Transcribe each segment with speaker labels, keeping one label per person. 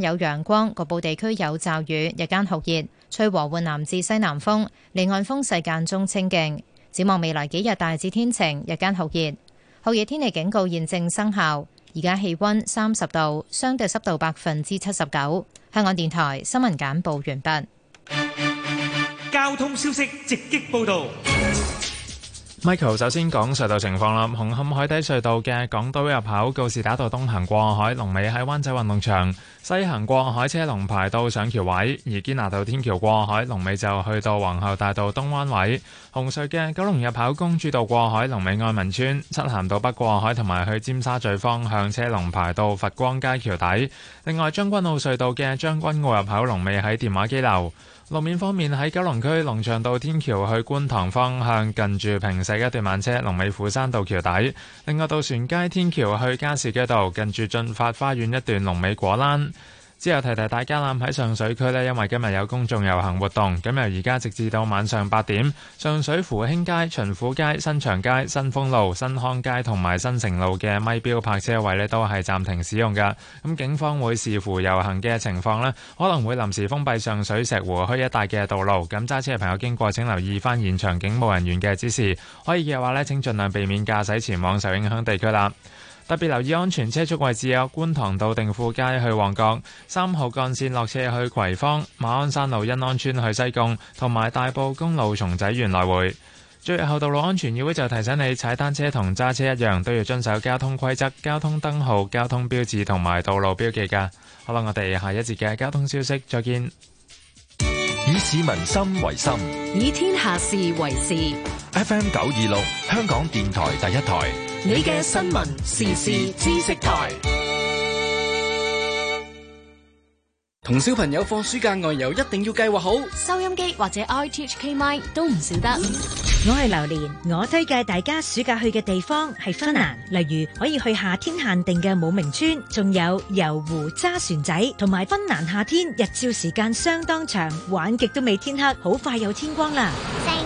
Speaker 1: 有陽光，局部地區有驟雨，日間酷熱，吹和緩南至西南風，離岸風勢間中清勁。展望未來幾日，大致天晴，日間酷熱。酷熱天氣警告現正生效。而家氣溫三十度，相對濕度百分之七十九。香港電台新聞簡報完畢。交通
Speaker 2: 消息直擊報道。Michael 首先講隧道情況啦。紅磡海底隧道嘅港島入口告士打道東行過海，龍尾喺灣仔運動場；西行過海車龍排到上橋位。而堅拿道天橋過海，龍尾就去到皇后大道東灣位。紅隧嘅九龍入口公主道過海，龍尾愛民村；漆咸道北過海同埋去尖沙咀方向車龍排到佛光街橋底。另外，將軍澳隧道嘅將軍澳入口龍尾喺電話機樓。路面方面喺九龍區龍翔道天橋去觀塘方向，近住坪石一段慢車；龍尾斧山道橋底，另外渡船街天橋去加士居道，近住駿發花園一段龍尾果欄。之後提提大家啦喺上水區呢，因為今日有公眾遊行活動，咁由而家直至到晚上八點，上水符興街、巡撫街、新祥街、新豐路、新康街同埋新城路嘅咪標泊車位呢，都係暫停使用嘅。咁警方會視乎遊行嘅情況咧，可能會臨時封閉上水石湖墟一帶嘅道路。咁揸車嘅朋友經過請留意返現場警務人員嘅指示，可以嘅話呢，請盡量避免駕駛前往受影響地區啦。特別留意安全車速位置，有觀塘道定富街去旺角、三號幹線落車去葵芳、馬鞍山路欣安村去西貢，同埋大埔公路松仔園來回。最後，道路安全議會就提醒你，踩單車同揸車一樣，都要遵守交通規則、交通燈號、交通標誌同埋道路標記噶。好啦，我哋下一節嘅交通消息再見。以市民心為心，
Speaker 3: 以天下事為事。
Speaker 2: FM 九二六，香港電台第一台。
Speaker 3: 你嘅新聞時事知識台，同小朋友放暑假外遊一定要計劃好。收音機或者 i Teach K 麥都唔少得。
Speaker 1: 我係榴蓮，我推介大家暑假去嘅地方係芬蘭，芬蘭例如可以去夏天限定嘅武名村，仲有遊湖揸船仔，同埋芬蘭夏天日照時間相當長，玩極都未天黑，好快有天光啦。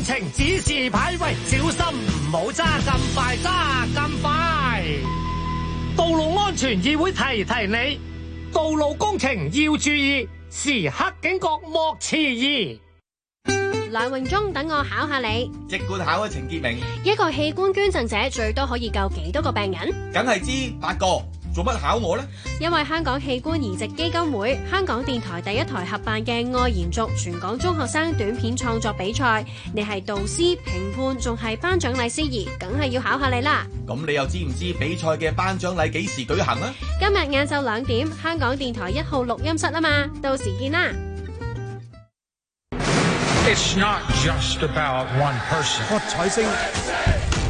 Speaker 2: 工程指示牌，喂，小心唔好揸咁快，揸咁快。道路安全議會提提你，道路工程要注意，時刻
Speaker 3: 警覺莫遲疑。梁榮忠，等我考下你。即管
Speaker 2: 考
Speaker 4: 下程潔明，
Speaker 3: 一個器官捐贈者最多可以救幾多個病人？梗係知
Speaker 4: 八個。做乜考我呢？
Speaker 3: 因為香港器官移植基金會、香港電台第一台合辦嘅愛延續全港中學生短片創作比賽，你係導師、評判，仲係頒獎禮司儀，梗係要考下你啦。
Speaker 5: 咁你又知唔知比賽嘅頒獎禮幾時
Speaker 4: 舉行啊？
Speaker 3: 今日晏晝兩點，香港電台一號錄音室啊嘛，到時見啦。
Speaker 4: It's not just about one person. 哦。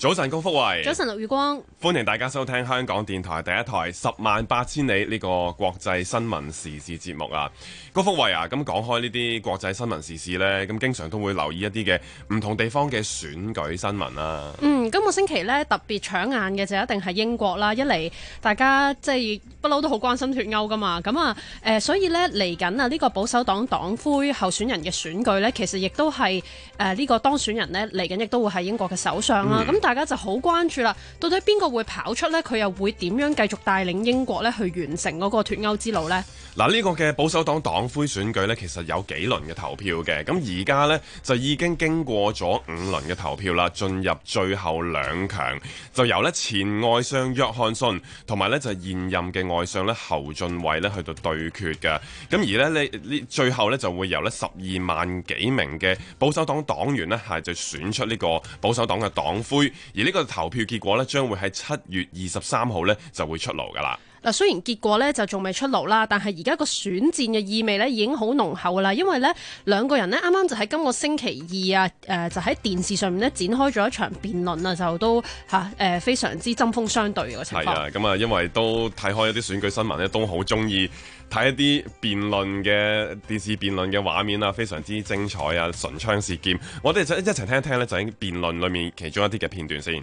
Speaker 5: 早晨，高福慧。早晨，
Speaker 6: 陸月光。
Speaker 5: 歡迎大家收聽香港電台第一台《十萬八千里》呢個國際新聞時事節目啊，高福衛啊，咁講開呢啲國際新聞時事呢，咁經常都會留意一啲嘅唔同地方嘅選舉新聞啦。
Speaker 6: 嗯，今個星期呢，特別搶眼嘅就一定係英國啦，一嚟大家即係不嬲都好關心脫歐噶嘛，咁啊，誒、呃，所以呢，嚟緊啊呢個保守黨，黨黨魁候選人嘅選舉呢，其實亦都係誒呢個當選人呢，嚟緊亦都會喺英國嘅首相啦，咁、嗯、大家就好關注啦，到底邊個？會跑出呢，佢又會點樣繼續帶領英國咧去完成嗰個脫歐之路咧？
Speaker 5: 嗱，呢個嘅保守黨黨魁選舉咧，其實有幾輪嘅投票嘅，咁而家咧就已經經過咗五輪嘅投票啦，進入最後兩強，就由咧前外相約翰遜同埋咧就現任嘅外相咧侯俊偉咧去到對決嘅，咁而咧你呢最後咧就會由咧十二萬幾名嘅保守黨黨員咧係就選出呢個保守黨嘅黨魁，而呢個投票結果咧將會喺七月二十三號呢就會出爐噶啦。
Speaker 6: 嗱，雖然結果呢就仲未出爐啦，但係而家個選戰嘅意味呢已經好濃厚啦。因為呢兩個人呢啱啱就喺今個星期二啊，誒、呃、就喺電視上面呢展開咗一場辯論啊，就都吓誒、啊呃、非常之針鋒相對嘅個情況。
Speaker 5: 咁啊，因為都睇開一啲選舉新聞呢都好中意睇一啲辯論嘅電視辯論嘅畫面啊，非常之精彩啊，唇槍舌劍，我哋就一齊聽一聽呢，就喺辯論裏面其中一啲嘅片段先。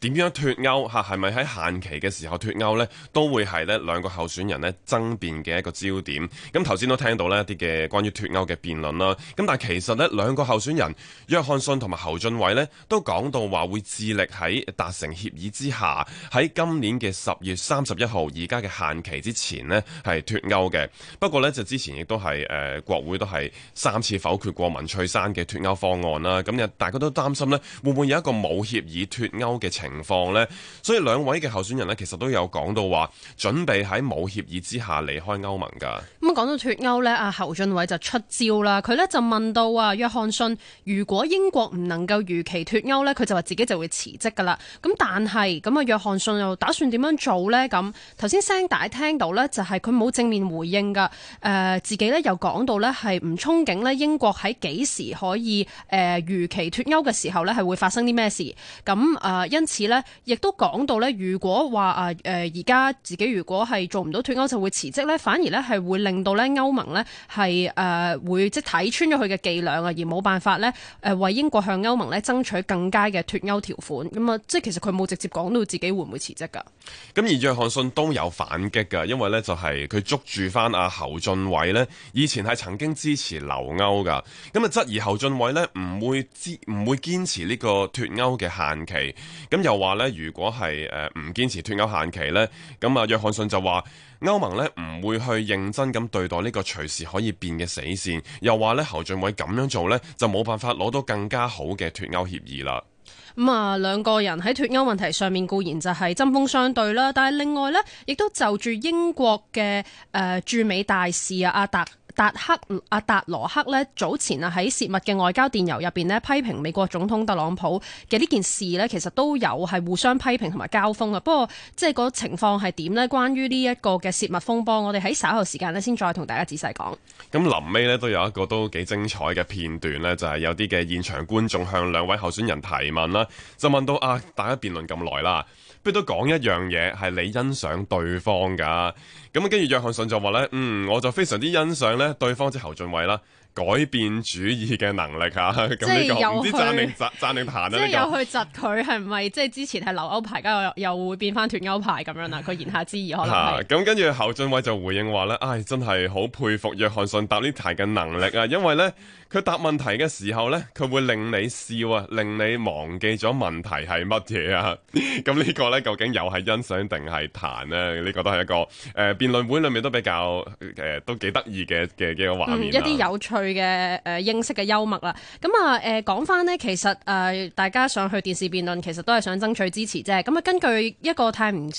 Speaker 5: 點樣脫歐嚇？係咪喺限期嘅時候脫歐呢？都會係呢兩個候選人呢爭辯嘅一個焦點。咁頭先都聽到呢一啲嘅關於脫歐嘅辯論啦。咁但係其實呢，兩個候選人約翰遜同埋侯俊偉呢，都講到話會致力喺達成協議之下，喺今年嘅十月三十一號而家嘅限期之前呢，係脫歐嘅。不過呢，就之前亦都係誒國會都係三次否決過文翠珊嘅脫歐方案啦。咁大家都擔心呢，會唔會有一個冇協議脫歐嘅情情況呢？所以兩位嘅候選人呢，其實都有講到話準備喺冇協議之下離開歐盟噶。咁
Speaker 6: 講到脱歐呢，阿侯俊偉就出招啦，佢呢就問到話約翰遜，如果英國唔能夠如期脱歐呢，佢就話自己就會辭職噶啦。咁但係咁啊，約翰遜又打算點樣做呢？咁頭先聲帶聽到呢，就係佢冇正面回應噶。誒、呃，自己呢又講到呢，係唔憧憬呢英國喺幾時可以誒、呃、如期脱歐嘅時候呢，係會發生啲咩事？咁、呃、啊，因此。亦都講到咧，如果話啊誒，而家自己如果係做唔到脫歐，就會辭職咧，反而咧係會令到咧歐盟咧係誒會即睇穿咗佢嘅伎倆啊，而冇辦法咧誒為英國向歐盟咧爭取更加嘅脫歐條款。咁、嗯、啊，即其實佢冇直接講到自己會唔會辭職㗎。
Speaker 5: 咁而約翰遜都有反擊㗎，因為咧就係佢捉住翻阿侯俊偉咧，以前係曾經支持留歐㗎，咁啊質疑侯俊偉咧唔會支唔會堅持呢個脫歐嘅限期。咁又話咧，如果係誒唔堅持脱歐限期呢，咁啊約翰遜就話歐盟呢唔會去認真咁對待呢個隨時可以變嘅死線，又話呢侯俊偉咁樣做呢，就冇辦法攞到更加好嘅脱歐協議啦。
Speaker 6: 咁、嗯、啊兩個人喺脱歐問題上面固然就係針鋒相對啦，但係另外呢，亦都就住英國嘅誒駐美大使啊阿達。達克阿達羅克咧，早前啊喺洩密嘅外交電郵入邊咧，批評美國總統特朗普嘅呢件事咧，其實都有係互相批評同埋交鋒嘅。不過即係嗰情況係點呢？關於呢一個嘅洩密風波，我哋喺稍後時間咧先再同大家仔細講。
Speaker 5: 咁臨尾咧都有一個都幾精彩嘅片段咧，就係、是、有啲嘅現場觀眾向兩位候選人提問啦，就問到啊，大家辯論咁耐啦，不如都講一樣嘢係你欣賞對方噶。咁跟住約翰遜就話咧，嗯，我就非常之欣賞咧，對方即侯俊偉啦，改變主意嘅能力吓，咁呢、嗯嗯這個唔知讚定讚定彈啦。即有去
Speaker 6: 窒佢係咪即是是 之前係留歐派，而家又又會變翻脫歐派咁樣啊？佢言下之意可能係。
Speaker 5: 咁跟住侯俊偉就回應話咧，唉、哎，真係好佩服約翰遜答呢題嘅能力啊，因為咧佢答問題嘅時候咧，佢會令你笑啊，令你忘記咗問題係乜嘢啊。咁 呢個咧究竟又係欣賞定係彈咧？呢、這個都係一個誒。呃呃呃呃辯論會裏面都比較誒、呃，都幾得意嘅嘅嘅畫面、嗯、一啲有
Speaker 6: 趣嘅誒，認識嘅幽默啦。咁啊誒，講返呢，其實誒、呃，大家上去電視辯論，其實都係想爭取支持啫。咁啊，根據一個泰晤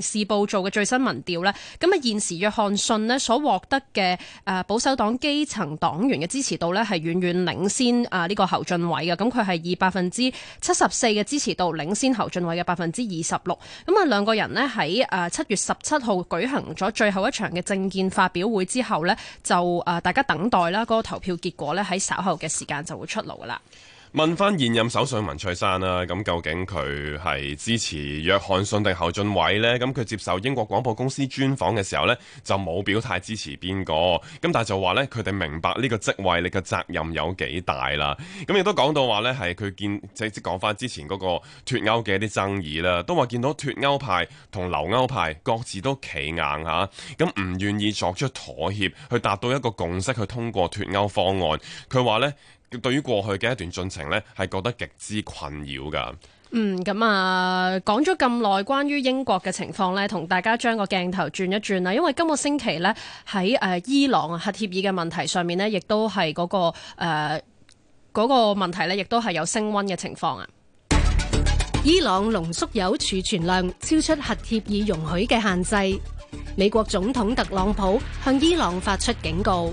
Speaker 6: 《時報》做嘅最新民調呢，咁啊現時約翰遜咧所獲得嘅誒保守黨基層黨員嘅支持度呢，係遠遠領先啊呢個侯俊偉嘅，咁佢係以百分之七十四嘅支持度領先侯俊偉嘅百分之二十六。咁啊兩個人呢，喺誒七月十七號舉行咗最後一場嘅政見發表會之後呢，就誒大家等待啦，嗰、那個投票結果呢，喺稍後嘅時間就會出爐噶啦。
Speaker 5: 問翻現任首相文翠珊啦，咁究竟佢係支持約翰遜定侯俊偉呢？咁佢接受英國廣播公司專訪嘅時候呢，就冇表態支持邊個，咁但係就話呢，佢哋明白呢個職位你嘅責任有幾大啦。咁亦都講到話呢，係佢見即係即講翻之前嗰個脫歐嘅一啲爭議啦，都話見到脫歐派同留歐派各自都企硬吓，咁唔願意作出妥協去達到一個共識去通過脫歐方案。佢話呢。對於過去嘅一段進程呢，係覺得極之困擾噶。
Speaker 6: 嗯，咁啊，講咗咁耐關於英國嘅情況呢，同大家將個鏡頭轉一轉啦。因為今個星期呢，喺誒伊朗核協議嘅問題上面呢，亦都係嗰個誒嗰個問題咧，亦都係有升溫嘅情況啊。
Speaker 3: 伊朗濃縮鈾儲存量超出核協議容許嘅限制，美國總統特朗普向伊朗發出警告。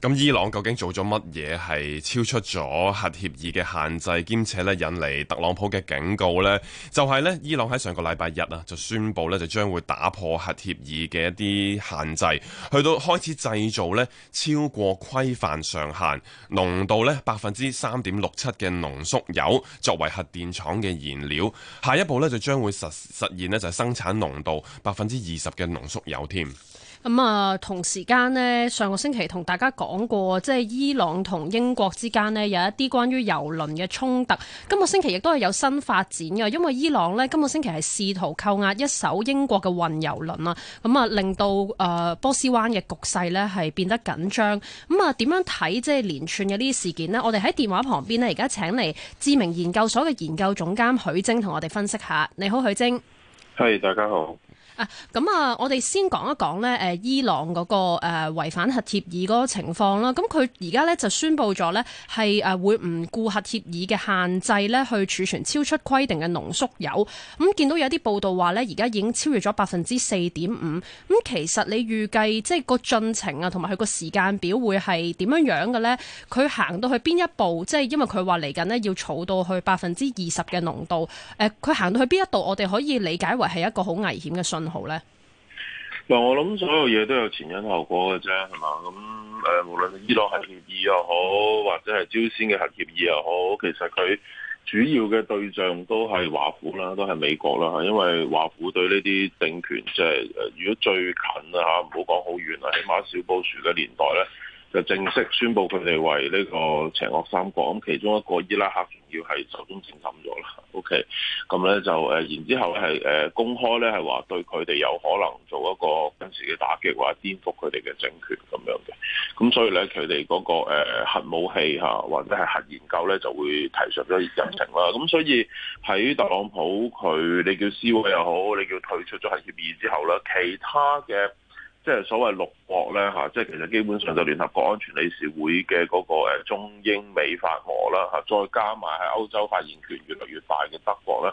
Speaker 5: 咁伊朗究竟做咗乜嘢係超出咗核協議嘅限制，兼且咧引嚟特朗普嘅警告咧，就係咧伊朗喺上個禮拜日啊，就宣布咧就將會打破核協議嘅一啲限制，去到開始製造咧超過規範上限濃度咧百分之三點六七嘅濃縮鈾作為核電廠嘅燃料，下一步咧就將會實實現咧就係生產濃度百分之二十嘅濃縮鈾添。
Speaker 6: 咁啊、嗯，同時間咧，上個星期同大家講過，即係伊朗同英國之間咧有一啲關於油輪嘅衝突。今個星期亦都係有新發展嘅，因為伊朗咧今個星期係試圖扣押一艘英國嘅運油輪啦。咁、嗯、啊，令到誒、呃、波斯灣嘅局勢咧係變得緊張。咁、嗯、啊，點樣睇即係連串嘅呢啲事件呢？我哋喺電話旁邊咧，而家請嚟知名研究所嘅研究總監許晶同我哋分析下。你好，許晶。
Speaker 7: 係，hey, 大家好。
Speaker 6: 啊，咁啊，我哋先講一講呢，誒，伊朗嗰、那個誒、呃、違反核協議嗰個情況啦。咁佢而家呢，就宣布咗呢，係誒會唔顧核協議嘅限制呢去儲存超出規定嘅濃縮鈾。咁、嗯、見到有啲報道話呢，而家已經超越咗百分之四點五。咁、嗯、其實你預計即係、就是、個進程啊，同埋佢個時間表會係點樣樣嘅呢？佢行到去邊一步？即係因為佢話嚟緊呢，要儲到去百分之二十嘅濃度。誒、呃，佢行到去邊一度？我哋可以理解為係一個好危險嘅信。好
Speaker 7: 咧，嗱，我諗所有嘢都有前因後果嘅啫，係嘛。咁誒，無論伊朗核協議又好，或者係朝鮮嘅核協議又好，其實佢主要嘅對象都係華府啦，都係美國啦，因為華府對呢啲政權即係誒，如果最近啊吓，唔好講好遠啦，起碼小布殊嘅年代咧。就正式宣布佢哋為呢個邪惡三國，咁其中一個伊拉克仲要係手中審審咗啦。O K，咁咧就誒、呃，然之後咧係、呃、公開咧係話對佢哋有可能做一個軍事嘅打擊，話顛覆佢哋嘅政權咁樣嘅。咁所以咧，佢哋嗰個、呃、核武器嚇或者係核研究咧就會提上咗一日程啦。咁所以喺特朗普佢你叫撕毀又好，你叫退出咗核協議之後咧，其他嘅。即係所謂六國咧吓，即係其實基本上就聯合國安，安全理事會嘅嗰個誒中英美法俄啦吓，再加埋喺歐洲發言權越嚟越大嘅德國啦。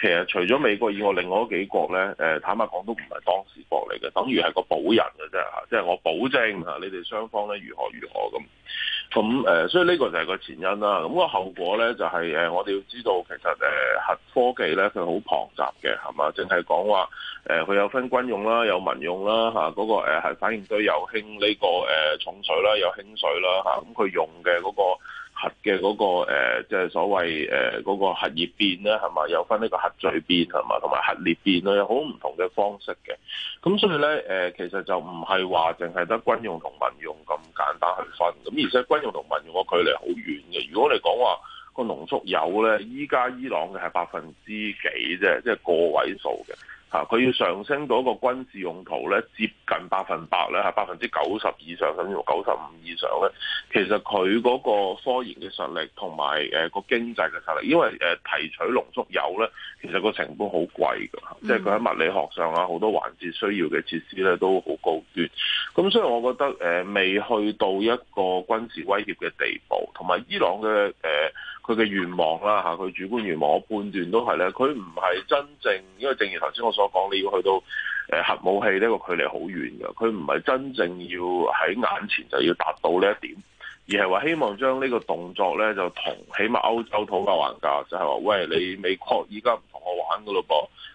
Speaker 7: 其實除咗美國以外，另外幾國咧，誒坦白講都唔係當事國嚟嘅，等於係個保人嘅啫嚇，即係我保證嚇你哋雙方咧如何如何咁，咁誒，所以呢個就係個前因啦。咁、那個後果咧就係誒，我哋要知道其實誒核科技咧佢好龐雜嘅係嘛，淨係講話誒佢有分軍用啦，有民用啦嚇，嗰、那個誒核反應堆又興呢個誒重水啦，又輕水啦嚇，咁佢用嘅嗰、那個。核嘅嗰個誒即係所謂誒嗰個,核,裂呢個核,核裂變咧，係嘛有分呢個核聚變係嘛，同埋核裂變咧，有好唔同嘅方式嘅。咁所以咧誒，其實就唔係話淨係得軍用同民用咁簡單去分。咁而且軍用同民用個距離好遠嘅。如果你哋講話個濃縮鈾咧，依家伊朗嘅係百分之幾啫，即係個位數嘅。啊！佢要上升到一個軍事用途咧，接近百分百咧，係百分之九十以上甚至乎九十五以上咧，其實佢嗰個科研嘅實力同埋誒個經濟嘅實力，因為誒、呃、提取濃縮鈾咧，其實個成本好貴㗎，即係佢喺物理學上啊好多環節需要嘅設施咧都好高端。咁所以我覺得誒、呃、未去到一個軍事威脅嘅地步，同埋伊朗嘅誒。呃佢嘅願望啦嚇，佢主觀願望，我判斷都係咧。佢唔係真正，因為正如頭先我所講，你要去到誒核武器呢個距離好遠㗎。佢唔係真正要喺眼前就要達到呢一點，而係話希望將呢個動作咧就同起碼歐洲討價還價，就係話，喂，你美國依家唔同我玩㗎咯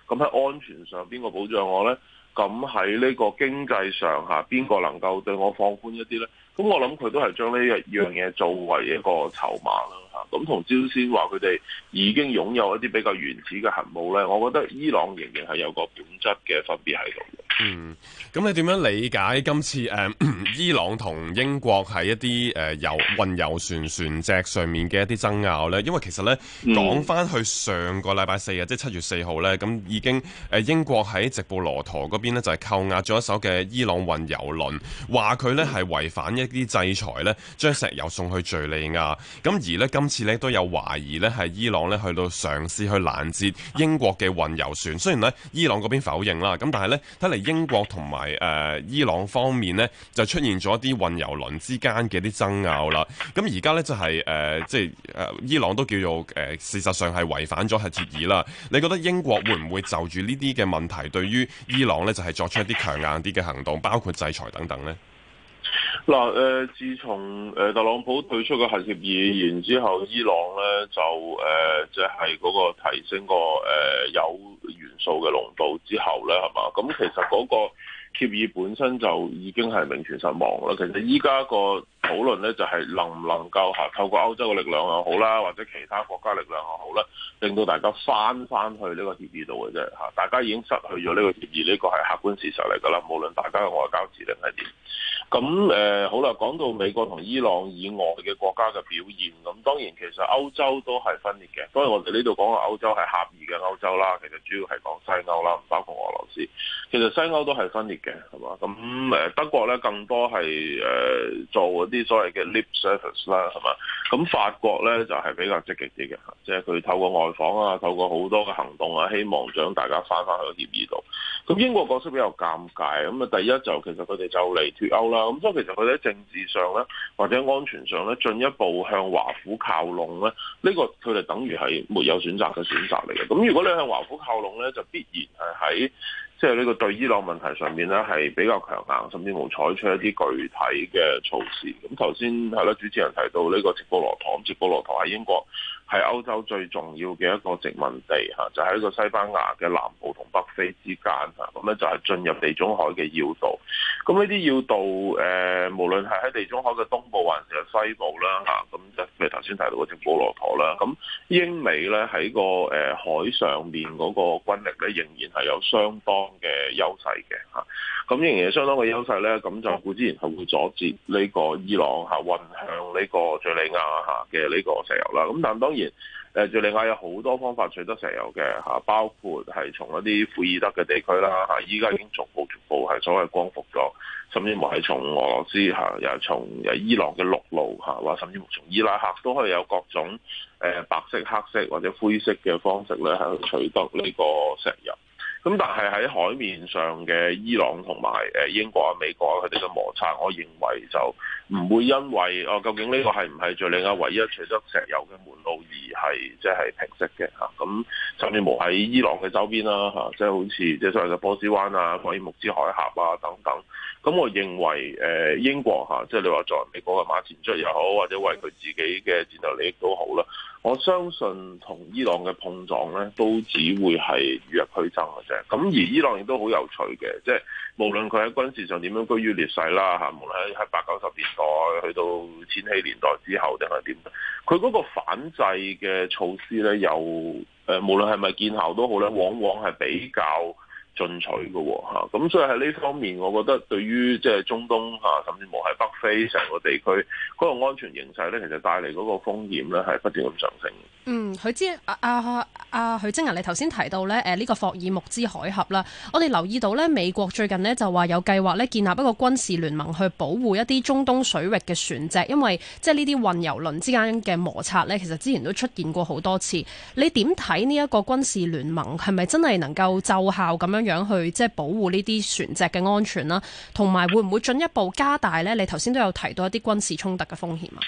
Speaker 7: 噃。咁喺安全上邊個保障我咧？咁喺呢個經濟上嚇，邊個能夠對我放寬一啲咧？咁我諗佢都係將呢一樣嘢作為一個籌碼啦。啊，咁同朝鮮話佢哋已經擁有一啲比較原始嘅核武呢我覺得伊朗仍然係有個本質嘅分別喺度嗯，
Speaker 5: 咁你點樣理解今次誒伊朗同英國喺一啲誒油運油船船隻上面嘅一啲爭拗呢？因為其實呢，嗯、講翻去上個禮拜四啊，即係七月四號呢，咁已經誒英國喺直布羅陀嗰邊咧就係扣押咗一艘嘅伊朗運油輪，話佢呢係違反一啲制裁呢，將石油送去敘利亞，咁而呢。今次咧都有懷疑咧，係伊朗咧去到嘗試去攔截英國嘅運油船。雖然咧伊朗嗰邊否認啦，咁但係咧睇嚟英國同埋誒伊朗方面咧就出現咗啲運油輪之間嘅啲爭拗啦。咁而家咧就係、是、誒、呃、即係誒、呃、伊朗都叫做誒、呃、事實上係違反咗核協議啦。你覺得英國會唔會就住呢啲嘅問題對於伊朗咧就係、是、作出一啲強硬啲嘅行動，包括制裁等等呢？
Speaker 7: 嗱誒，自從誒特朗普退出嘅核協議，然之後伊朗咧就誒即係嗰個提升個誒鈾元素嘅濃度之後咧，係嘛？咁其實嗰個協議本身就已經係名存實亡啦。其實依家個討論咧就係、是、能唔能夠吓透過歐洲嘅力量又好啦，或者其他國家力量又好啦，令到大家翻翻去呢個協議度嘅啫吓。大家已經失去咗呢個協議，呢、這個係客觀事實嚟噶啦。無論大家嘅外交指定係點。咁誒、呃、好啦，講到美國同伊朗以外嘅國家嘅表現，咁當然其實歐洲都係分裂嘅。所以我哋呢度講嘅歐洲係狹義嘅歐洲啦，其實主要係講西歐啦，唔包括俄羅斯。其實西歐都係分裂嘅，係嘛？咁誒德國咧，更多係誒、呃、做嗰啲所謂嘅 lip service 啦，係嘛？咁法國咧就係比較積極啲嘅，即係佢透過外訪啊，透過好多嘅行動啊，希望將大家翻返去協議度。咁英國角色比較尷尬，咁啊第一就其實佢哋就嚟脱歐啦。咁所以其實佢哋喺政治上咧，或者安全上咧，進一步向華府靠攏咧，呢個佢哋等於係沒有選擇嘅選擇嚟嘅。咁如果你向華府靠攏咧，就必然係喺即係呢個對伊朗問題上面咧，係比較強硬，甚至冇採取一啲具體嘅措施。咁頭先係啦，主持人提到呢個直布羅陀，直布羅陀喺英國。係歐洲最重要嘅一個殖民地嚇，就喺一個西班牙嘅南部同北非之間嚇，咁咧就係、是、進入地中海嘅要道。咁呢啲要道誒，無論係喺地中海嘅東部還是西部啦嚇，咁就譬如頭先提到嗰隻布羅陀啦。咁英美咧喺個誒海上面嗰個軍力咧，仍然係有相當嘅優勢嘅嚇。咁仍然係相當嘅優勢咧，咁就固之然係會阻截呢個伊朗嚇運向呢個敍利亞嚇嘅呢個石油啦。咁但當然。誒，再另外有好多方法取得石油嘅嚇，包括係從一啲庫爾德嘅地區啦嚇，依家已經逐步逐步係所謂光復咗，甚至乎係從俄羅斯嚇，又從伊朗嘅陸路嚇，或甚至乎從伊拉克都可以有各種誒白色、黑色或者灰色嘅方式咧，喺取得呢個石油。咁但係喺海面上嘅伊朗同埋誒英國啊、美國佢哋嘅摩擦，我認為就唔會因為哦究竟呢個係唔係敍利亞唯一取得石油嘅門路而係即係平息嘅嚇。咁甚至無喺伊朗嘅周邊啦嚇，即係好似即係所謂嘅波斯灣啊、霍爾木茲海峽啊等等。咁我認為誒英國嚇、啊，即、就、係、是、你話作為美國嘅馬前卒又好，或者為佢自己嘅戰鬥利益都好啦。我相信同伊朗嘅碰撞咧，都只會係係日俱增如日俱增嘅啫。咁而伊朗亦都好有趣嘅，即係無論佢喺軍事上點樣居於劣勢啦，吓，無論喺八九十年代去到千禧年代之後定係點，佢嗰個反制嘅措施咧，有誒、呃、無論係咪見效都好咧，往往係比較。進取嘅喎，咁所以喺呢方面，我覺得對於即係中東嚇，甚至乎係北非成個地區嗰個安全形勢咧，其實帶嚟嗰個風險咧，係不斷咁上升。
Speaker 6: 嗯，佢知阿阿阿許晶銀、啊啊啊，你頭先提到咧，誒、啊、呢、呢個霍爾木茲海峽啦，我哋留意到咧，美國最近咧就話有計劃咧建立一個軍事聯盟去保護一啲中東水域嘅船隻，因為即係呢啲運油輪之間嘅摩擦咧，其實之前都出現過好多次。你點睇呢一個軍事聯盟係咪真係能夠奏效咁樣樣去即係保護呢啲船隻嘅安全啦？同埋會唔會進一步加大咧？你頭先都有提到一啲軍事衝突嘅風險啊？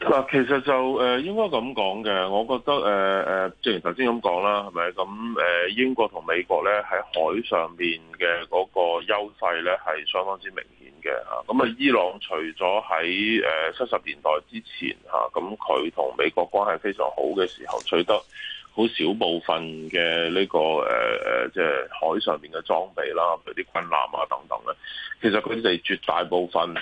Speaker 7: 嗱，其實就誒、呃、應該咁講嘅。我覺得誒誒、呃，正如頭先咁講啦，係咪咁？誒、呃、英國同美國咧喺海上面嘅嗰個優勢咧，係相當之明顯嘅嚇。咁啊，伊朗除咗喺誒七十年代之前嚇，咁佢同美國關係非常好嘅時候，取得好少部分嘅呢、這個誒誒，即、呃、係、就是、海上面嘅裝備啦，譬如啲軍艦啊等等咧。其實佢哋絕大部分。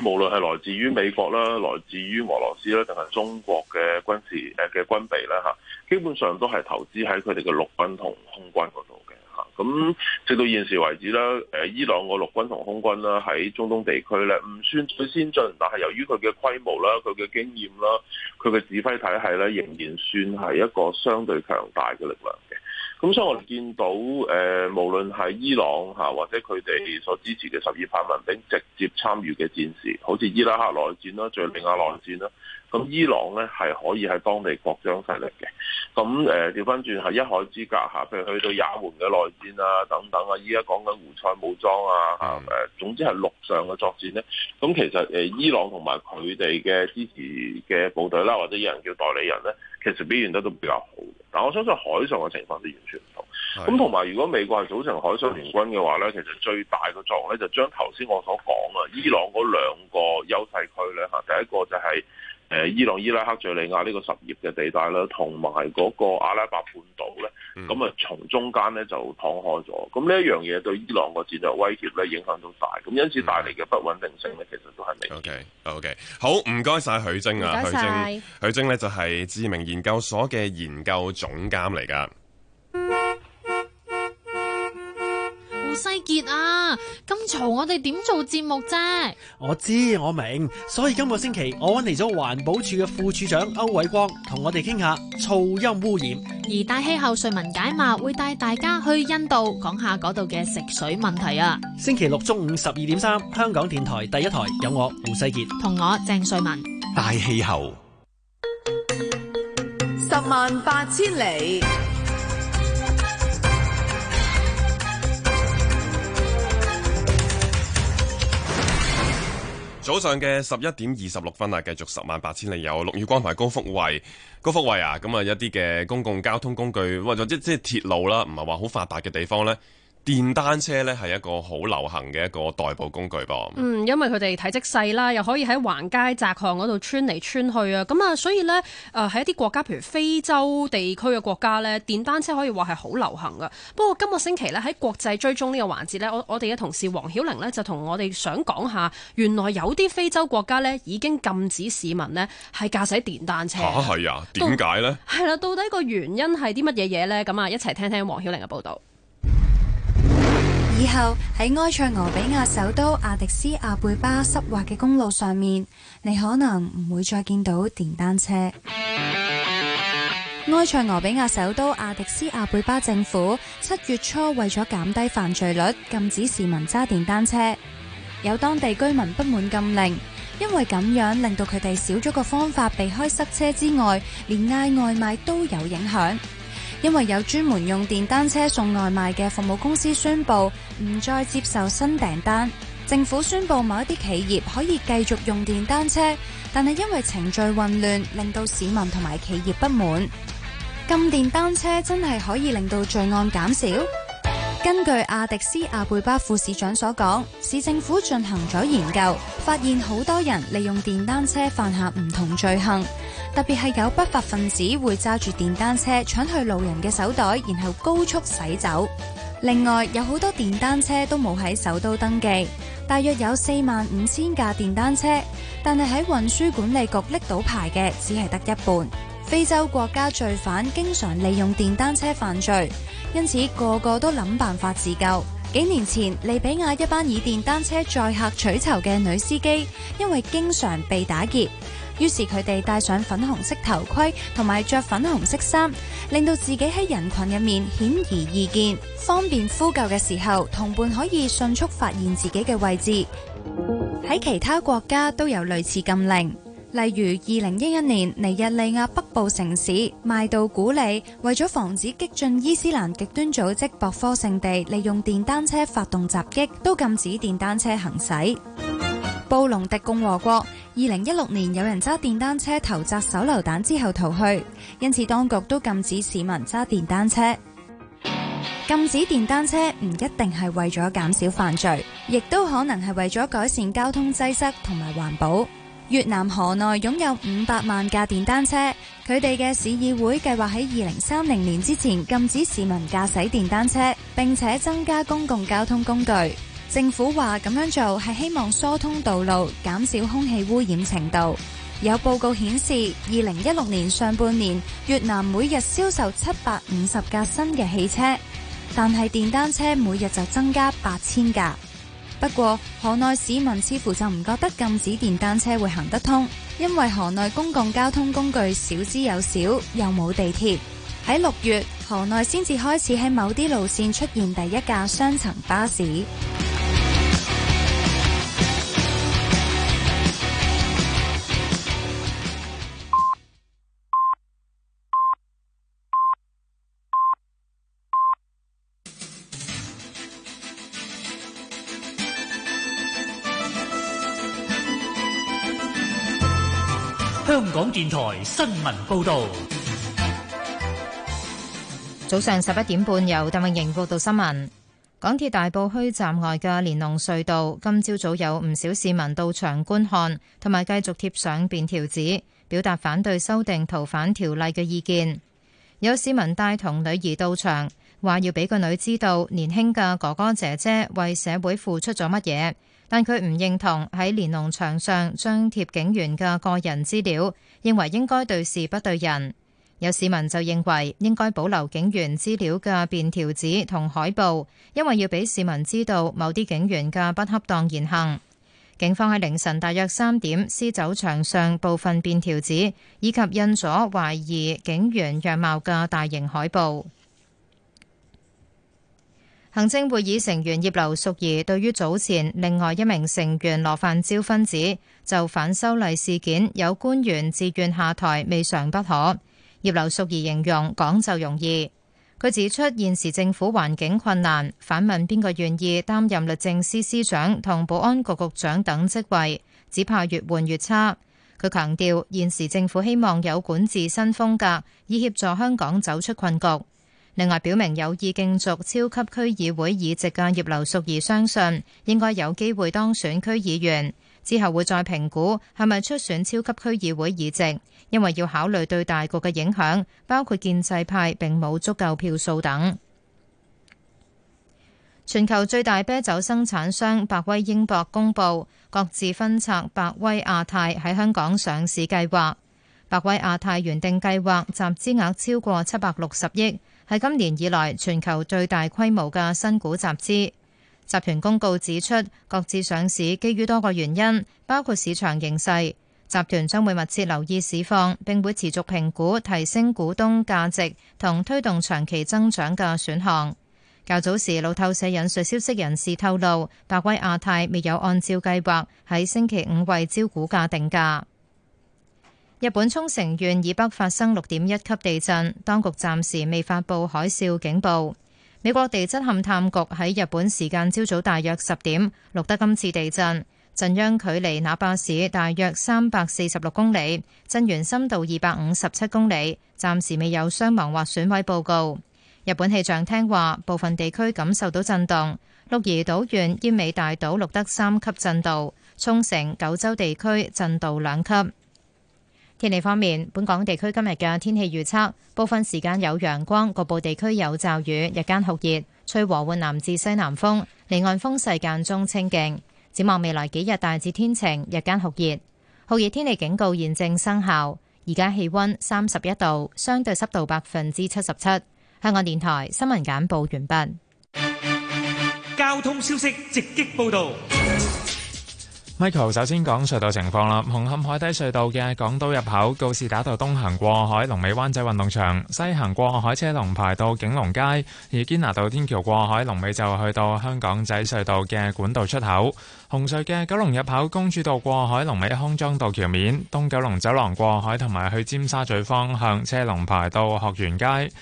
Speaker 7: 無論係來自於美國啦，來自於俄羅斯啦，定係中國嘅軍事誒嘅軍備咧吓，基本上都係投資喺佢哋嘅陸軍同空軍嗰度嘅吓。咁直到現時為止咧，誒伊朗個陸軍同空軍啦，喺中東地區咧，唔算最先進，但係由於佢嘅規模啦、佢嘅經驗啦、佢嘅指揮體系咧，仍然算係一個相對強大嘅力量嘅。咁、嗯、所以我哋見到，誒、呃、無論係伊朗嚇、啊，或者佢哋所支持嘅十二派民兵直接參與嘅戰事，好似伊拉克內戰啦、敘利亞內戰啦。咁伊朗咧係可以喺當地擴張勢力嘅。咁誒調翻轉係一海之隔嚇，譬如去到也門嘅內戰啊等等啊，依家講緊胡塞武裝啊，誒總之係陸上嘅作戰咧。咁其實誒、呃、伊朗同埋佢哋嘅支持嘅部隊啦，或者有人叫代理人咧，其實表現得都比較好。但我相信海上嘅情況就完全唔同。咁同埋如果美國係組成海上聯軍嘅話咧，其實最大嘅作用咧就是、將頭先我所講啊，伊朗嗰兩個優勢區咧嚇，第一個就係、是。誒，伊朗、伊拉克、敘利亞呢個什葉嘅地帶啦，同埋嗰個阿拉伯半島呢，咁啊、嗯，從中間呢就劏開咗。咁呢一樣嘢對伊朗個戰略威脅呢，影響都大。咁因此帶嚟嘅不穩定性呢，其實都係未。OK，OK，okay, okay.
Speaker 5: 好，唔該晒許楨啊，許楨，許楨呢就係智明研究所嘅研究總監嚟㗎。胡
Speaker 3: 西傑啊！咁嘈，我哋點做節目啫？
Speaker 5: 我
Speaker 2: 知我明，所以今個星期我揾嚟咗環保署嘅副署長歐偉光，同我哋傾下噪音污染。
Speaker 3: 而大氣候瑞文解碼會帶大家去印度講下嗰度嘅食水問題啊！
Speaker 2: 星期六中午十二點三，3，香港電台第一台有我胡
Speaker 5: 世傑
Speaker 3: 同我鄭瑞文
Speaker 5: 大氣候
Speaker 3: 十萬八千里。
Speaker 5: 早上嘅十一點二十六分啊，繼續十萬八千里有，陸宇光同埋高福衛，高福衛啊，咁、嗯、啊一啲嘅公共交通工具，或者即即係鐵路啦，唔係話好發達嘅地方呢。電單車呢係一個好流行嘅一個代步工具噃。嗯，
Speaker 6: 因為佢哋體積細啦，又可以喺橫街窄巷嗰度穿嚟穿去啊。咁啊，所以呢，誒、呃、喺一啲國家，譬如非洲地區嘅國家呢，電單車可以話係好流行噶。不過今個星期呢，喺國際追蹤呢個環節呢，我我哋嘅同事黃曉玲呢，就同我哋想講下，原來有啲非洲國家呢，已經禁止市民呢，係駕駛電單車。吓係
Speaker 5: 啊？點解、啊、呢？
Speaker 6: 係啦，到底個原因係啲乜嘢嘢呢？咁啊，一齊聽聽黃曉玲嘅報道。
Speaker 8: 以後喺埃塞俄比亞首都亞迪斯阿貝巴濕滑嘅公路上面，你可能唔會再見到電單車。埃塞俄比亞首都亞迪斯阿貝巴政府七月初為咗減低犯罪率，禁止市民揸電單車。有當地居民不滿禁令，因為咁樣令到佢哋少咗個方法避開塞車之外，連嗌外賣都有影響。因為有專門用電單車送外賣嘅服務公司宣布唔再接受新訂單，政府宣布某一啲企業可以繼續用電單車，但係因為程序混亂，令到市民同埋企業不滿。禁電單車真係可以令到罪案減少？根據阿迪斯阿貝巴副市長所講，市政府進行咗研究，發現好多人利用電單車犯下唔同罪行，特別係有不法分子會揸住電單車搶去路人嘅手袋，然後高速駛走。另外，有好多電單車都冇喺首都登記，大約有四萬五千架電單車，但係喺運輸管理局拎到牌嘅只係得一半。非洲國家罪犯經常利用電單車犯罪。因此，個個都諗辦法自救。幾年前，利比亞一班以電單車載客取酬嘅女司機，因為經常被打劫，於是佢哋戴上粉紅色頭盔，同埋着粉紅色衫，令到自己喺人群入面顯而易見，方便呼救嘅時候，同伴可以迅速發現自己嘅位置。喺其他國家都有類似禁令。例如，二零一一年尼日利亞北部城市邁杜古里，為咗防止激進伊斯蘭極端組織博科聖地利用電單車發動襲擊，都禁止電單車行駛。布隆迪共和國二零一六年有人揸電單車投擲手榴彈之後逃去，因此當局都禁止市民揸電單車。禁止電單車唔一定係為咗減少犯罪，亦都可能係為咗改善交通擠塞同埋環保。越南河內擁有五百萬架電單車，佢哋嘅市議會計劃喺二零三零年之前禁止市民駕駛電單車，並且增加公共交通工具。政府話咁樣做係希望疏通道路，減少空氣污染程度。有報告顯示，二零一六年上半年越南每日銷售七百五十架新嘅汽車，但係電單車每日就增加八千架。不過，河內市民似乎就唔覺得禁止電單車會行得通，因為河內公共交通工具少之又少，又冇地鐵。喺六月，河內先至開始喺某啲路線出現第一架雙層巴士。
Speaker 2: 港電台新聞報道，
Speaker 1: 早上十一點半由鄧永瑩報道新聞。港鐵大埔墟站外嘅連儂隧道，今朝早，早有唔少市民到場觀看，同埋繼續貼上便條紙，表達反對修訂逃犯條例嘅意見。有市民帶同女兒到場，話要俾個女知道，年輕嘅哥哥姐姐為社會付出咗乜嘢。但佢唔認同喺連儂牆上張貼警員嘅個人資料，認為應該對事不對人。有市民就認為應該保留警員資料嘅便條紙同海報，因為要俾市民知道某啲警員嘅不恰當言行。警方喺凌晨大約三點撕走牆上部分便條紙，以及印咗懷疑警員樣貌嘅大型海報。行政會議成員葉劉淑儀對於早前另外一名成員羅范椒芬指就反修例事件有官員自願下台，未嘗不可。葉劉淑儀形容講就容易。佢指出現時政府環境困難，反問邊個願意擔任律政司司長同保安局局長等職位，只怕越換越差。佢強調現時政府希望有管治新風格，以協助香港走出困局。另外，表明有意競逐超級區議會議席嘅葉劉淑儀相信應該有機會當選區議員，之後會再評估係咪出選超級區議會議席，因為要考慮對大局嘅影響，包括建制派並冇足夠票數等。全球最大啤酒生產商百威英博公布各自分拆百威亞太喺香港上市計劃，百威亞太原定計劃集資額超過七百六十億。係今年以來全球最大規模嘅新股集資。集團公告指出，各自上市基於多個原因，包括市場形勢。集團將會密切留意市況，並會持續評估提升股東價值同推動長期增長嘅選項。較早時，路透社引述消息人士透露，百威亞太未有按照計劃喺星期五為招股價定價。日本沖繩縣以北發生六點一級地震，當局暫時未發布海嘯警報。美國地質勘探局喺日本時間朝早大約十點錄得今次地震，震央距離那霸市大約三百四十六公里，震源深度二百五十七公里，暫時未有傷亡或損毀報告。日本氣象廳話，部分地區感受到震動，鹿兒島縣、奄美大島錄得三級震度，沖繩、九州地區震度兩級。天氣方面，本港地區今日嘅天氣預測，部分時間有陽光，局部地區有驟雨，日間酷熱，吹和緩南至西南風，離岸風勢間中清勁。展望未來幾日大致天晴，日間酷熱，酷熱天氣警告現正生效。而家氣溫三十一度，相對濕度百分之七十七。香港電台新聞簡報完畢。
Speaker 2: 交通消息直擊報道。Michael 首先講隧道情況啦。紅磡海底隧道嘅港島入口告士打道東行過海龍尾，灣仔運動場西行過海車龍排到景隆街；而堅拿道天橋過海龍尾就去到香港仔隧道嘅管道出口。紅隧嘅九龍入口公主道過海龍尾康莊道橋面，東九龍走廊過海同埋去尖沙咀方向車龍排到學園街。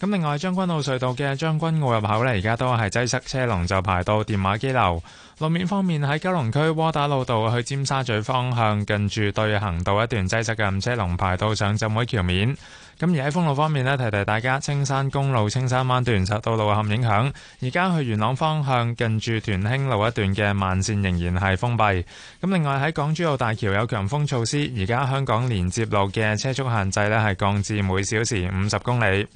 Speaker 2: 咁另外將軍澳隧道嘅將軍澳入口呢，而家都係擠塞車龍，就排到電話機樓。路面方面，喺九龍區窩打老道去尖沙咀方向，近住對行道一段擠塞嘅車龍排到上浸會橋面。咁而喺封路方面呢，提提大家青山公路青山灣段受到路陷影響，而家去元朗方向近住屯興路一段嘅慢線仍然係封閉。咁另外喺港珠澳大橋有強風措施，而家香港連接路嘅車速限制呢，係降至每小時五十公里。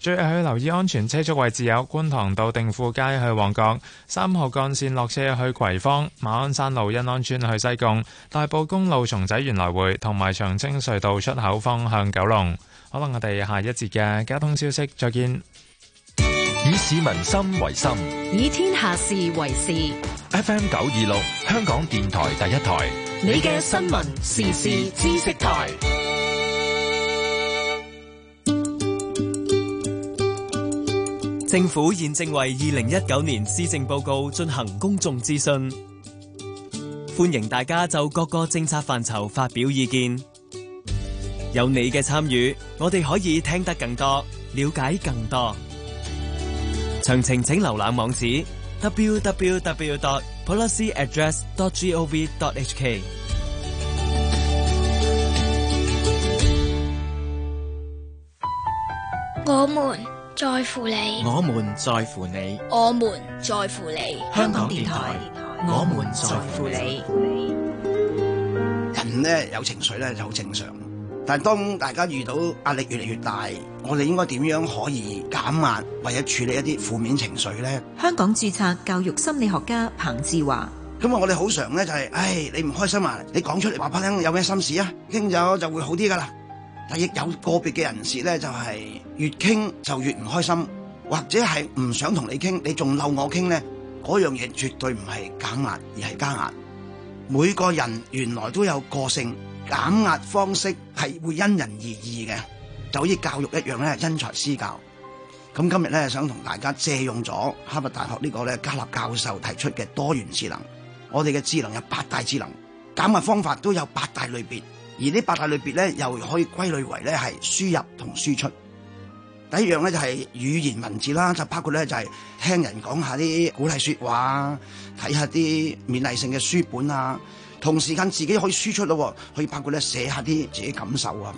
Speaker 2: 最緊要留意安全車速位置有觀塘道定富街去旺角、三號幹線落車去葵芳、馬鞍山路欣安村去西貢、大埔公路松仔園來回同埋長青隧道出口方向九龍。好喇，我哋下一節嘅交通消息再見。以市民心為心，
Speaker 3: 以天下事為事。
Speaker 2: F M 九二六香港電台第一台，
Speaker 3: 你嘅新聞時事知識台。
Speaker 2: 政府現正為二零一九年施政
Speaker 5: 報告進行公眾諮詢，歡迎大家就各個政策範疇發表意見。有你嘅參與，我哋可以聽得
Speaker 2: 更多，了解更多。詳情請瀏覽網址
Speaker 3: www.policyaddress.gov.hk。
Speaker 8: 我們。在乎你，
Speaker 2: 我們在乎你，
Speaker 8: 我們在乎
Speaker 4: 你。香港電台我們在乎你。人呢有情緒呢就好正常，但係當大家遇到壓力越嚟越大，我哋應該點樣可以減壓，或者處理一啲負面情緒呢？
Speaker 1: 香港注冊
Speaker 4: 教育心理學家彭志華，咁啊，我哋好常呢、就是，就係，唉，你唔開心啊，你講出嚟話俾聽，有咩心事啊，傾咗就會好啲噶啦。但亦有個別嘅人士咧，就係越傾就越唔開心，或者係唔想同你傾，你仲鬧我傾咧，嗰樣嘢絕對唔係減壓，而係加壓。每個人原來都有個性，減壓方式係會因人而異嘅，就好似教育一樣咧，因材施教。咁今日咧想同大家借用咗哈佛大學呢個咧加納教授提出嘅多元智能，我哋嘅智能有八大智能，減壓方法都有八大類別。而呢八大類別咧，又可以歸類為咧係輸入同輸出。第一樣咧就係語言文字啦，就包括咧就係聽人講下啲鼓勵說話，睇下啲勉勵性嘅書本啊。同時間自己可以輸出咯，可以包括咧寫下啲自己感受啊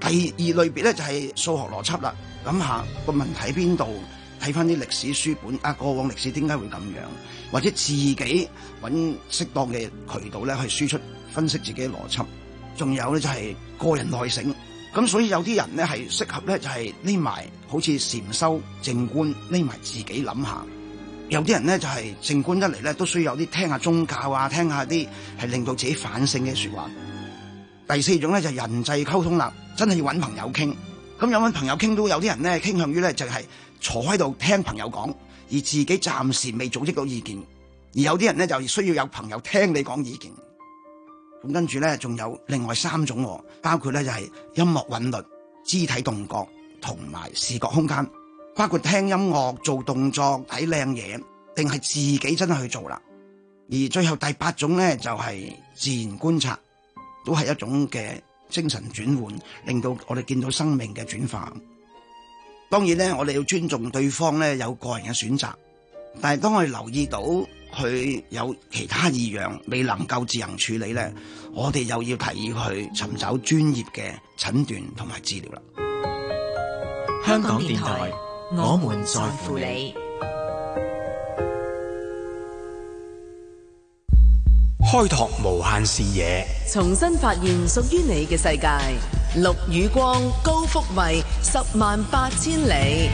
Speaker 4: 咁。第二類別咧就係數學邏輯啦，諗下個問題喺邊度，睇翻啲歷史書本啊，過往歷史點解會咁樣，或者自己揾適當嘅渠道咧去輸出分析自己嘅邏輯。仲有咧就係個人耐性，咁所以有啲人咧係適合咧就係匿埋，好似禪修靜觀，匿埋自己諗下。有啲人咧就係靜觀一嚟咧，都需要有啲聽下宗教啊，聽下啲係令到自己反省嘅說話。第四種咧就係人際溝通啦，真係要揾朋友傾。咁有揾朋友傾都有啲人咧傾向於咧就係坐喺度聽朋友講，而自己暫時未組織到意見。而有啲人咧就需要有朋友聽你講意見。跟住呢，仲有另外三種，包括呢就係音樂韻律、肢體動覺同埋視覺空間，包括聽音樂、做動作、睇靚嘢，定係自己真係去做啦。而最後第八種呢，就係自然觀察，都係一種嘅精神轉換，令到我哋見到生命嘅轉化。當然呢，我哋要尊重對方呢有個人嘅選擇，但係當我哋留意到，佢有其他異樣未能夠自行處理呢，我哋又要提議佢尋找專業嘅診斷同埋治療啦。香港電台，我們在乎你，
Speaker 2: 開拓無限視野，
Speaker 3: 重新發現屬於你嘅世界。陸宇光，高福慧，十萬八千里。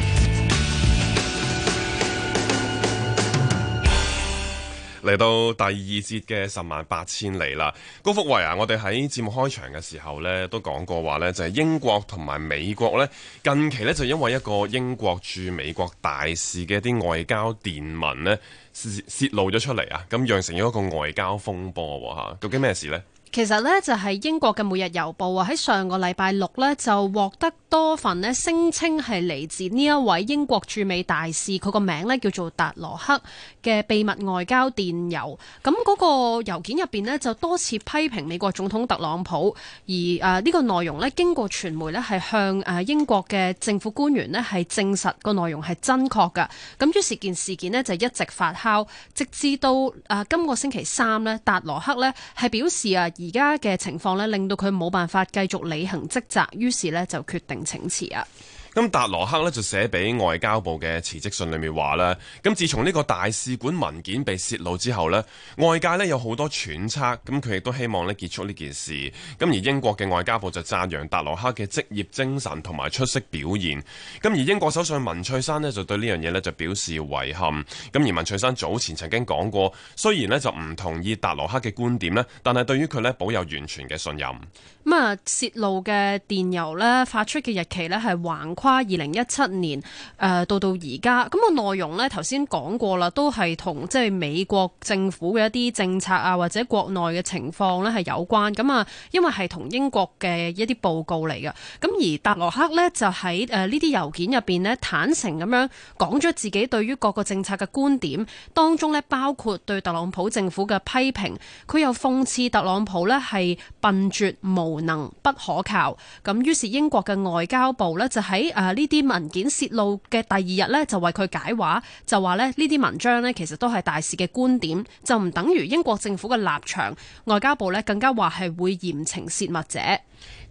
Speaker 5: 嚟到第二節嘅十萬八千里啦，高福維啊，我哋喺節目開場嘅時候呢，都講過話呢就係英國同埋美國呢，近期呢就因為一個英國駐美國大使嘅一啲外交電文呢，泄露咗出嚟啊，咁造成咗一個外交風波嚇，究竟咩事呢？
Speaker 6: 其實呢，就係英國嘅《每日郵報》啊，喺上個禮拜六呢，就獲得多份呢聲稱係嚟自呢一位英國駐美大使，佢個名呢，叫做達羅克嘅秘密外交電郵。咁嗰個郵件入邊呢，就多次批評美國總統特朗普，而誒呢個內容呢，經過傳媒呢，係向誒英國嘅政府官員呢，係證實個內容係真確㗎。咁於是件事件呢，就一直發酵，直至到誒今個星期三呢，達羅克呢，係表示啊。而家嘅情況呢，令到佢冇辦法繼續履行職責，於是呢就決定請辭啊。
Speaker 5: 咁達羅克呢，就寫俾外交部嘅辭職信裏面話啦，咁自從呢個大使館文件被泄露之後呢，外界呢有好多揣測，咁佢亦都希望呢結束呢件事。咁而英國嘅外交部就讚揚達羅克嘅職業精神同埋出色表現。咁而英國首相文翠珊呢，就對呢樣嘢呢就表示遺憾。咁而文翠珊早前曾經講過，雖然呢就唔同意達羅克嘅觀點呢，但係對於佢呢，保有完全嘅信任。咁
Speaker 6: 啊，泄露嘅電郵呢，發出嘅日期呢，係橫跨二零一七年，誒、呃、到到而家，咁，嗰個內容咧，頭先講過啦，都係同即係美國政府嘅一啲政策啊，或者國內嘅情況咧係有關。咁啊，因為係同英國嘅一啲報告嚟嘅。咁而達羅克咧就喺誒呢啲郵件入邊咧，坦誠咁樣講咗自己對於各個政策嘅觀點，當中咧包括對特朗普政府嘅批評，佢又諷刺特朗普咧係笨拙無能不可靠。咁於是英國嘅外交部咧就喺誒，呢啲、啊、文件泄露嘅第二日呢，就為佢解話，就話咧呢啲文章呢，其實都係大使嘅觀點，就唔等於英國政府嘅立場。外交部呢，更加話係會嚴懲泄密者。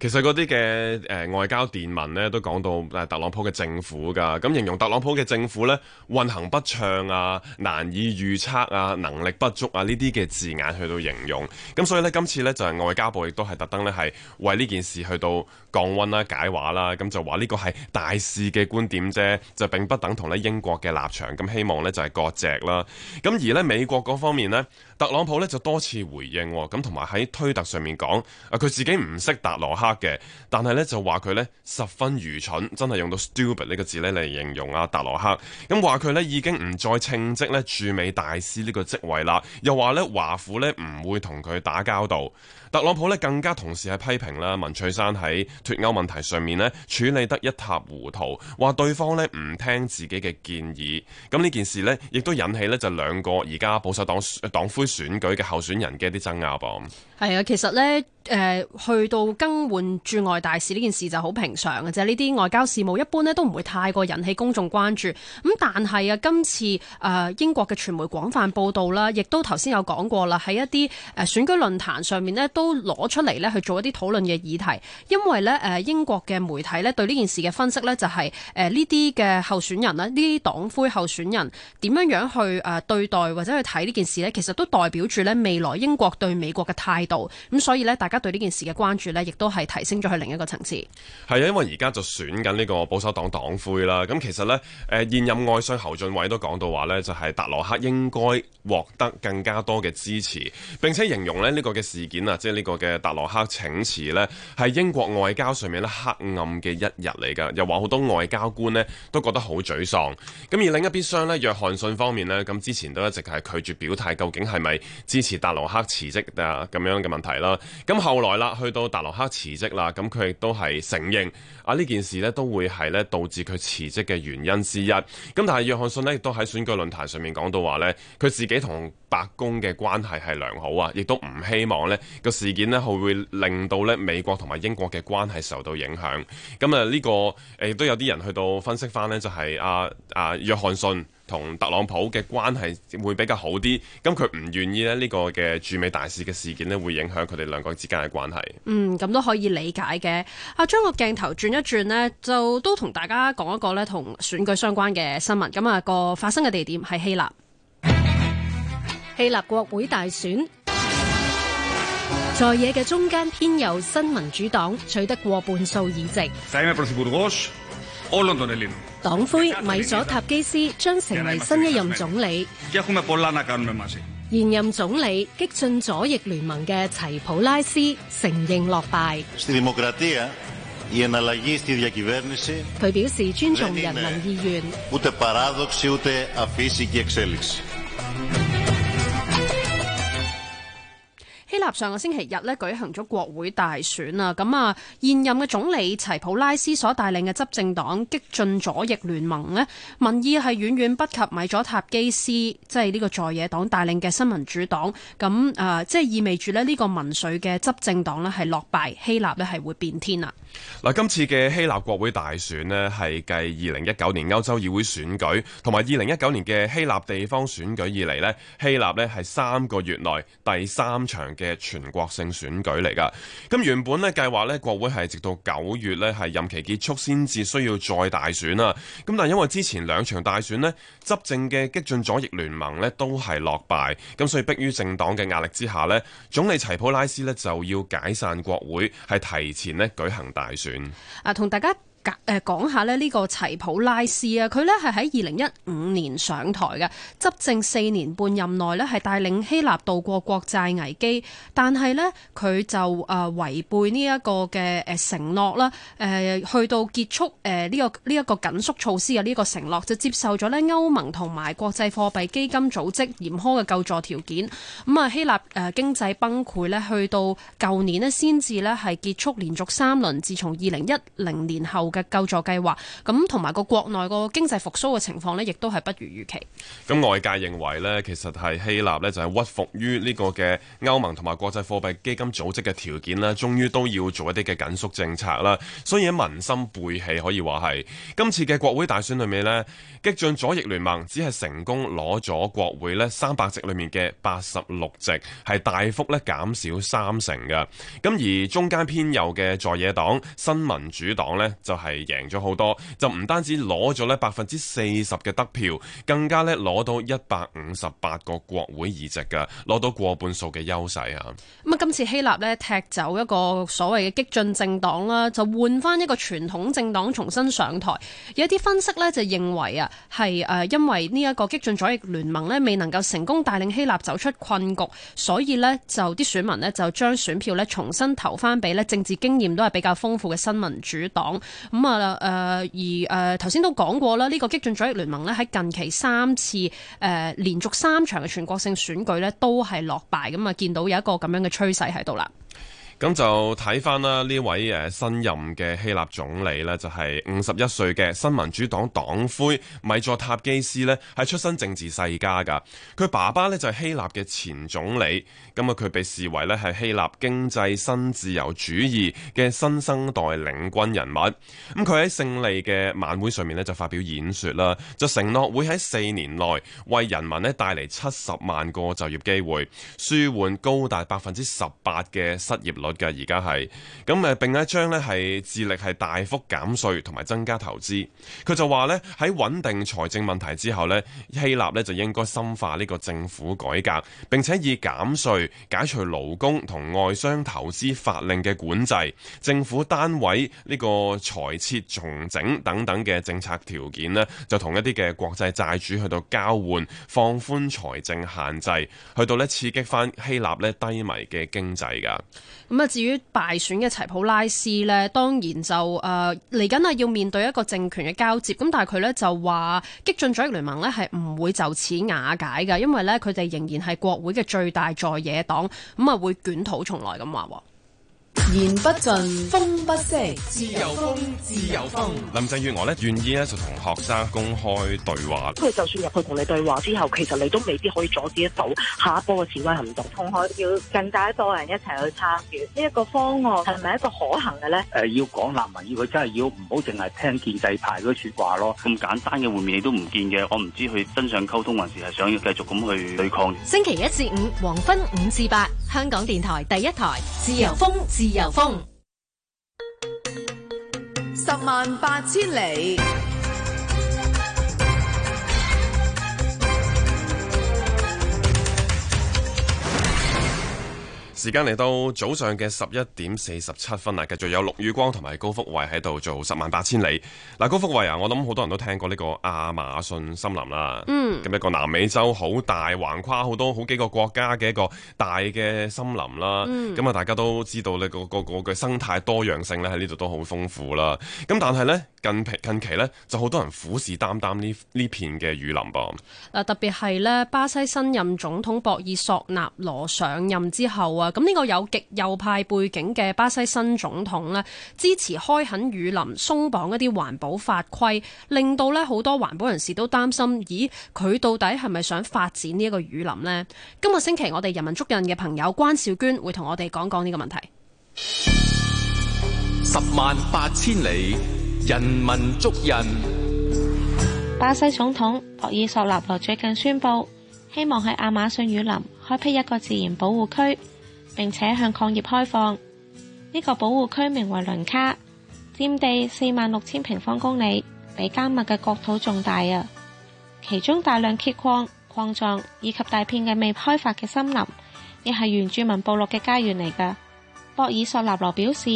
Speaker 5: 其實嗰啲嘅誒外交電文咧，都講到但特朗普嘅政府噶，咁形容特朗普嘅政府呢，運行不暢啊、難以預測啊、能力不足啊呢啲嘅字眼去到形容，咁所以呢，今次呢，就係外交部亦都係特登呢，係為呢件事去到降溫啦、啊、解話啦、啊，咁就話呢個係大事嘅觀點啫，就並不等同呢英國嘅立場，咁希望呢，就係割蓆啦，咁而呢，美國嗰方面呢。特朗普咧就多次回應，咁同埋喺推特上面講，佢自己唔識達羅克嘅，但係咧就話佢咧十分愚蠢，真係用到 stupid 呢個字咧嚟形容阿達羅克，咁話佢咧已經唔再稱職咧駐美大使呢個職位啦，又話咧華府咧唔會同佢打交道。特朗普咧更加同時係批評啦，文翠珊喺脫歐問題上面咧處理得一塌糊塗，話對方咧唔聽自己嘅建議。咁呢件事咧亦都引起咧就兩個而家保守黨黨魁選舉嘅候選人嘅一啲爭拗噃。
Speaker 6: 係啊，其實咧，誒、呃、去到更換駐外大使呢件事就好平常嘅啫。呢啲外交事務一般咧都唔會太過引起公眾關注。咁但係啊，今次誒、呃、英國嘅傳媒廣泛報道啦，亦都頭先有講過啦，喺一啲誒選舉論壇上面呢，都攞出嚟咧去做一啲討論嘅議題。因為呢，誒、呃、英國嘅媒體呢，對呢件事嘅分析呢、就係，就係誒呢啲嘅候選人咧呢啲黨魁候選人點樣樣去誒對待或者去睇呢件事呢，其實都代表住呢未來英國對美國嘅態度。咁、嗯，所以呢，大家對呢件事嘅關注呢，亦都係提升咗去另一個層次。
Speaker 5: 係啊，因為而家就選緊呢個保守黨黨魁啦。咁其實呢，誒、呃，現任外相侯俊偉都講到話呢，就係達羅克應該獲得更加多嘅支持，並且形容咧呢、這個嘅事件啊，即係呢個嘅達羅克請辭呢，係英國外交上面呢黑暗嘅一日嚟噶。又話好多外交官呢，都覺得好沮喪。咁而另一邊廂呢，約翰遜方面呢，咁之前都一直係拒絕表態，究竟係咪支持達羅克辭職啊？咁樣。咁樣嘅問題啦，咁後來啦，去到達洛克辭職啦，咁佢亦都係承認啊呢件事咧都會係咧導致佢辭職嘅原因之一。咁但係約翰遜咧亦都喺選舉論壇上面講到話，呢佢自己同白宮嘅關係係良好啊，亦都唔希望呢個事件咧係會令到呢美國同埋英國嘅關係受到影響。咁啊、呢個，呢個誒亦都有啲人去到分析翻呢、就係，就係啊，阿、啊、約翰遜同特朗普嘅關係會比較好啲。咁佢唔願意咧呢個嘅駐美大使嘅事件呢，會影響佢哋兩個之間嘅關係。
Speaker 6: 嗯，咁都可以理解嘅。啊，將個鏡頭轉一轉呢，就都同大家講一個呢，同選舉相關嘅新聞。咁啊，個發生嘅地點係希臘。希臘國會大選在野嘅
Speaker 3: 中間偏右新民主黨取得過半數議席。黨魁米佐塔基斯將成為新一任總理。現任總理激進左翼聯盟嘅齊普拉斯承認落敗。佢表
Speaker 6: 示尊重人民意願。希臘上個星期日咧舉行咗國會大選啊，咁啊現任嘅總理齊普拉斯所帶領嘅執政黨激進左翼聯盟呢，民意係遠遠不及米佐塔基斯即係呢個在野黨帶領嘅新民主黨，咁、呃、啊即係意味住咧呢個民粹嘅執政黨呢係落敗，希臘呢係會變天啊！
Speaker 5: 嗱，今次嘅希臘國會大選呢係繼二零一九年歐洲議會選舉同埋二零一九年嘅希臘地方選舉以嚟呢，希臘呢係三個月內第三場嘅全國性選舉嚟㗎，咁原本呢計劃呢，國會係直到九月呢係任期結束先至需要再大選啦，咁但係因為之前兩場大選呢，執政嘅激進左翼聯盟呢都係落敗，咁所以迫於政黨嘅壓力之下呢，總理齊普拉斯呢就要解散國會，係提前呢舉行大選
Speaker 6: 啊，同大家。誒講下咧呢個齊普拉斯啊，佢呢係喺二零一五年上台嘅，執政四年半任內呢，係帶領希臘度過國債危機，但係呢，佢就誒違背呢一個嘅誒承諾啦，誒去到結束誒呢個呢一個緊縮措施嘅呢個承諾，就接受咗呢歐盟同埋國際貨幣基金組織嚴苛嘅救助條件。咁啊希臘誒經濟崩潰呢，去到舊年呢，先至呢係結束連續三輪，自從二零一零年後嘅救助計劃，咁同埋個國內個經濟復蘇嘅情況咧，亦都係不如預期。
Speaker 5: 咁外界認為咧，其實係希臘咧就係屈服於呢個嘅歐盟同埋國際貨幣基金組織嘅條件啦，終於都要做一啲嘅緊縮政策啦。所以喺民心背棄可以話，係今次嘅國會大選裏面咧，激進左翼聯盟只係成功攞咗國會咧三百席裏面嘅八十六席，係大幅咧減少三成嘅。咁而中間偏右嘅在野黨新民主黨咧就是，係贏咗好多，就唔單止攞咗呢百分之四十嘅得票，更加呢攞到一百五十八個國會議席㗎，攞到過半數嘅優勢啊！咁
Speaker 6: 啊，今次希臘呢踢走一個所謂嘅激進政黨啦，就換翻一個傳統政黨重新上台。有啲分析呢就認為啊，係誒因為呢一個激進左翼聯盟呢，未能夠成功帶領希臘走出困局，所以呢，就啲選民呢，就將選票呢重新投翻俾呢政治經驗都係比較豐富嘅新民主黨。咁啊，誒、嗯呃、而誒頭先都講過啦，呢、這個激進左翼聯盟咧喺近期三次誒、呃、連續三場嘅全國性選舉咧，都係落敗，咁、嗯、啊見到有一個咁樣嘅趨勢喺度啦。
Speaker 5: 咁就睇返啦，呢位誒新任嘅希臘總理呢，就係五十一歲嘅新民主黨黨魁米佐塔基斯呢，係出身政治世家㗎。佢爸爸呢，就係希臘嘅前總理，咁啊佢被視為呢係希臘經濟新自由主義嘅新生代領軍人物。咁佢喺勝利嘅晚會上面呢，就發表演說啦，就承諾會喺四年內為人民呢帶嚟七十萬個就業機會，舒緩高達百分之十八嘅失業率。嘅而家係噉誒，並一將咧係致力係大幅減稅同埋增加投資。佢就話咧喺穩定財政問題之後呢希臘呢就應該深化呢個政府改革，並且以減稅、解除勞工同外商投資法令嘅管制、政府單位呢個財設重整等等嘅政策條件呢就同一啲嘅國際債主去到交換，放寬財政限制，去到呢刺激返希臘呢低迷嘅經濟㗎。
Speaker 6: 咁啊，至於敗選嘅齊普拉斯呢，當然就誒嚟緊啊，呃、要面對一個政權嘅交接。咁但係佢呢就話激進左翼聯盟呢係唔會就此瓦解㗎，因為呢，佢哋仍然係國會嘅最大在野黨，咁啊會捲土重來咁話喎。
Speaker 3: 言不盡，風不息。自由風，自由風。
Speaker 5: 林鄭月娥咧願意咧就同學生公開對話。佢
Speaker 3: 就算入去同你對話之後，其實你都未必可以阻止得到下一波嘅示威行動。同學要更加多人一齊去參與呢一、這個方案，係咪一個可行嘅呢？
Speaker 2: 誒、呃，要講難民要,要，佢真係要唔好淨係聽建制派嗰
Speaker 7: 處話咯。咁簡單嘅會面你都唔見嘅，我唔知佢真相溝通還是係想要繼續咁去對抗。
Speaker 3: 星期一至五黃昏五至八，香港電台第一台自由風。自由風，十萬八千里。
Speaker 5: 時間嚟到早上嘅十一點四十七分啦，繼續有陸宇光同埋高福慧喺度做十萬八千里。嗱，高福慧啊，我諗好多人都聽過呢個亞馬遜森林啦，咁、嗯、一個南美洲好大，橫跨好多好幾個國家嘅一個大嘅森林啦。咁啊、嗯，大家都知道呢、個個個嘅生態多樣性咧喺呢度都好豐富啦。咁但係呢，近近期呢，就好多人虎視眈眈呢呢片嘅雨林噃。
Speaker 6: 特別係呢巴西新任總統博爾索納羅上任之後啊。咁呢個有極右派背景嘅巴西新總統咧，支持開墾雨林，鬆綁一啲環保法規，令到咧好多環保人士都擔心：「咦，佢到底係咪想發展呢一個雨林呢？」今個星期，我哋人民足印嘅朋友關少娟會同我哋講講呢個問題。
Speaker 2: 十萬八千里，人民足印。
Speaker 9: 巴西總統博爾索納羅最近宣布，希望喺亞馬遜雨林開闢一個自然保護區。並且向礦業開放呢個保護區，名為倫卡，佔地四萬六千平方公里，比加密嘅國土仲大啊！其中大量鐵礦礦藏以及大片嘅未開發嘅森林，亦係原住民部落嘅家園嚟噶。博爾索納羅表示，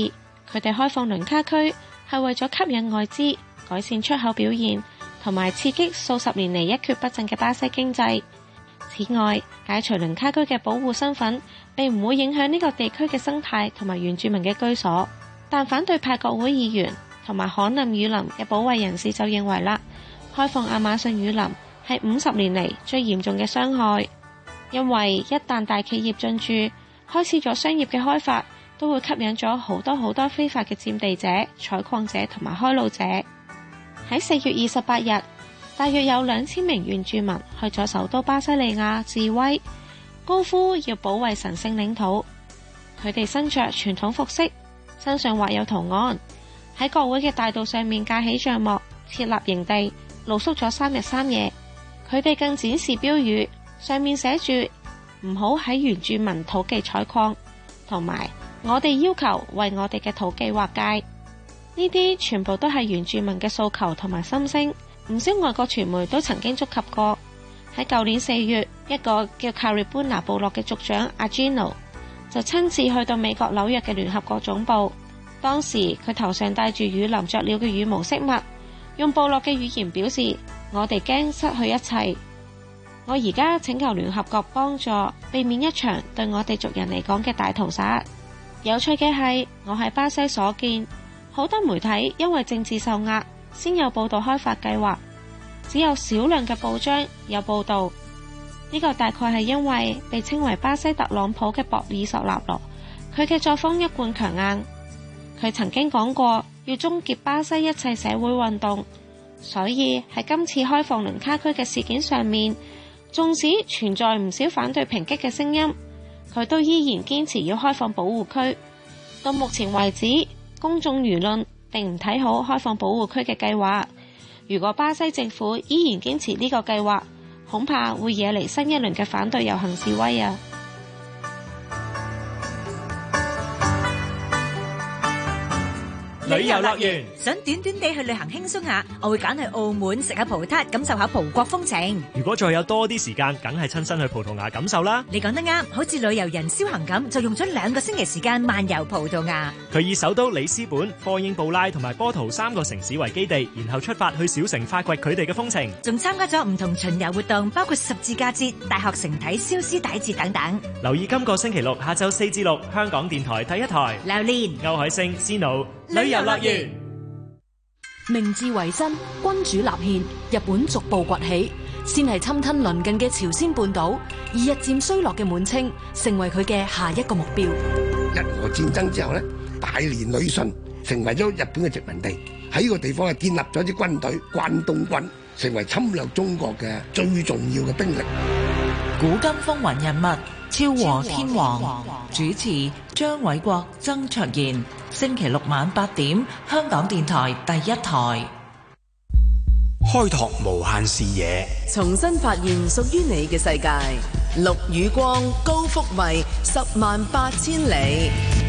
Speaker 9: 佢哋開放倫卡區係為咗吸引外資、改善出口表現，同埋刺激數十年嚟，一蹶不振嘅巴西經濟。此外，解除倫卡區嘅保護身份。並唔會影響呢個地區嘅生態同埋原住民嘅居所，但反對派國會議員同埋罕林雨林嘅保衞人士就認為啦，開放亞馬遜雨林係五十年嚟最嚴重嘅傷害，因為一旦大企業進駐，開始咗商業嘅開發，都會吸引咗好多好多非法嘅佔地者、採礦者同埋開路者。喺四月二十八日，大約有兩千名原住民去咗首都巴西利亞示威。高呼要保衛神聖領土，佢哋身着傳統服飾，身上畫有圖案，喺國會嘅大道上面架起帳幕，設立營地露宿咗三日三夜。佢哋更展示標語，上面寫住唔好喺原住民土地採礦，同埋我哋要求為我哋嘅土地劃界。呢啲全部都係原住民嘅訴求同埋心聲，唔少外國傳媒都曾經觸及過。喺舊年四月，一個叫卡列班納部落嘅族長阿吉奴就親自去到美國紐約嘅聯合國總部。當時佢頭上戴住雨林啄鳥嘅羽毛飾物，用部落嘅語言表示：我哋驚失去一切。我而家請求聯合國幫助，避免一場對我哋族人嚟講嘅大屠殺。有趣嘅係，我喺巴西所見，好多媒體因為政治受壓，先有報導開發計劃。只有少量嘅報章有報道呢個，大概係因為被稱為巴西特朗普嘅博爾索納羅，佢嘅作風一貫強硬。佢曾經講過要終結巴西一切社會運動，所以喺今次開放倫卡區嘅事件上面，縱使存在唔少反對抨擊嘅聲音，佢都依然堅持要開放保護區。到目前為止，公眾輿論並唔睇好開放保護區嘅計劃。如果巴西政府依然堅持呢個計劃，恐怕會惹嚟新一輪嘅反對遊行示威啊。旅遊樂園，
Speaker 1: 想短短地去旅行，輕鬆下，我會揀去澳門食下葡撻，感受下葡國風情。
Speaker 2: 如果再有多啲時間，梗係親身去葡萄牙感受啦。
Speaker 1: 你講得啱，好似旅遊人消行咁，就用咗兩個星期時間漫遊葡萄牙。
Speaker 2: 佢以首都里斯本、科英布拉同埋波圖三個城市為基地，然後出發去小城發掘佢哋嘅風情，
Speaker 1: 仲參加咗唔同巡遊活動，包括十字架節、大學城睇消絲大節等等。
Speaker 2: 留意今個星期六下晝四至六，香港電台第一台劉念、歐海星、思腦。旅遊樂園，
Speaker 8: 明治維新，
Speaker 3: 君主立憲，日本逐步崛起，先係侵吞鄰近嘅朝鮮半島，而日漸衰落嘅滿清，成為佢嘅下一個目標。
Speaker 4: 日俄戰爭之後咧，大連旅順成為咗日本嘅殖民地，喺呢個地方係建立咗支軍隊關東軍，成為侵略中國嘅最重要嘅兵力。古今風雲人物。超和天王，天天王主持張偉國、曾
Speaker 3: 卓賢，星期六晚八點，香港電台第一台，
Speaker 2: 開拓無限視野，
Speaker 3: 重新發現屬於你嘅世界。綠宇光高復位，十萬八千里。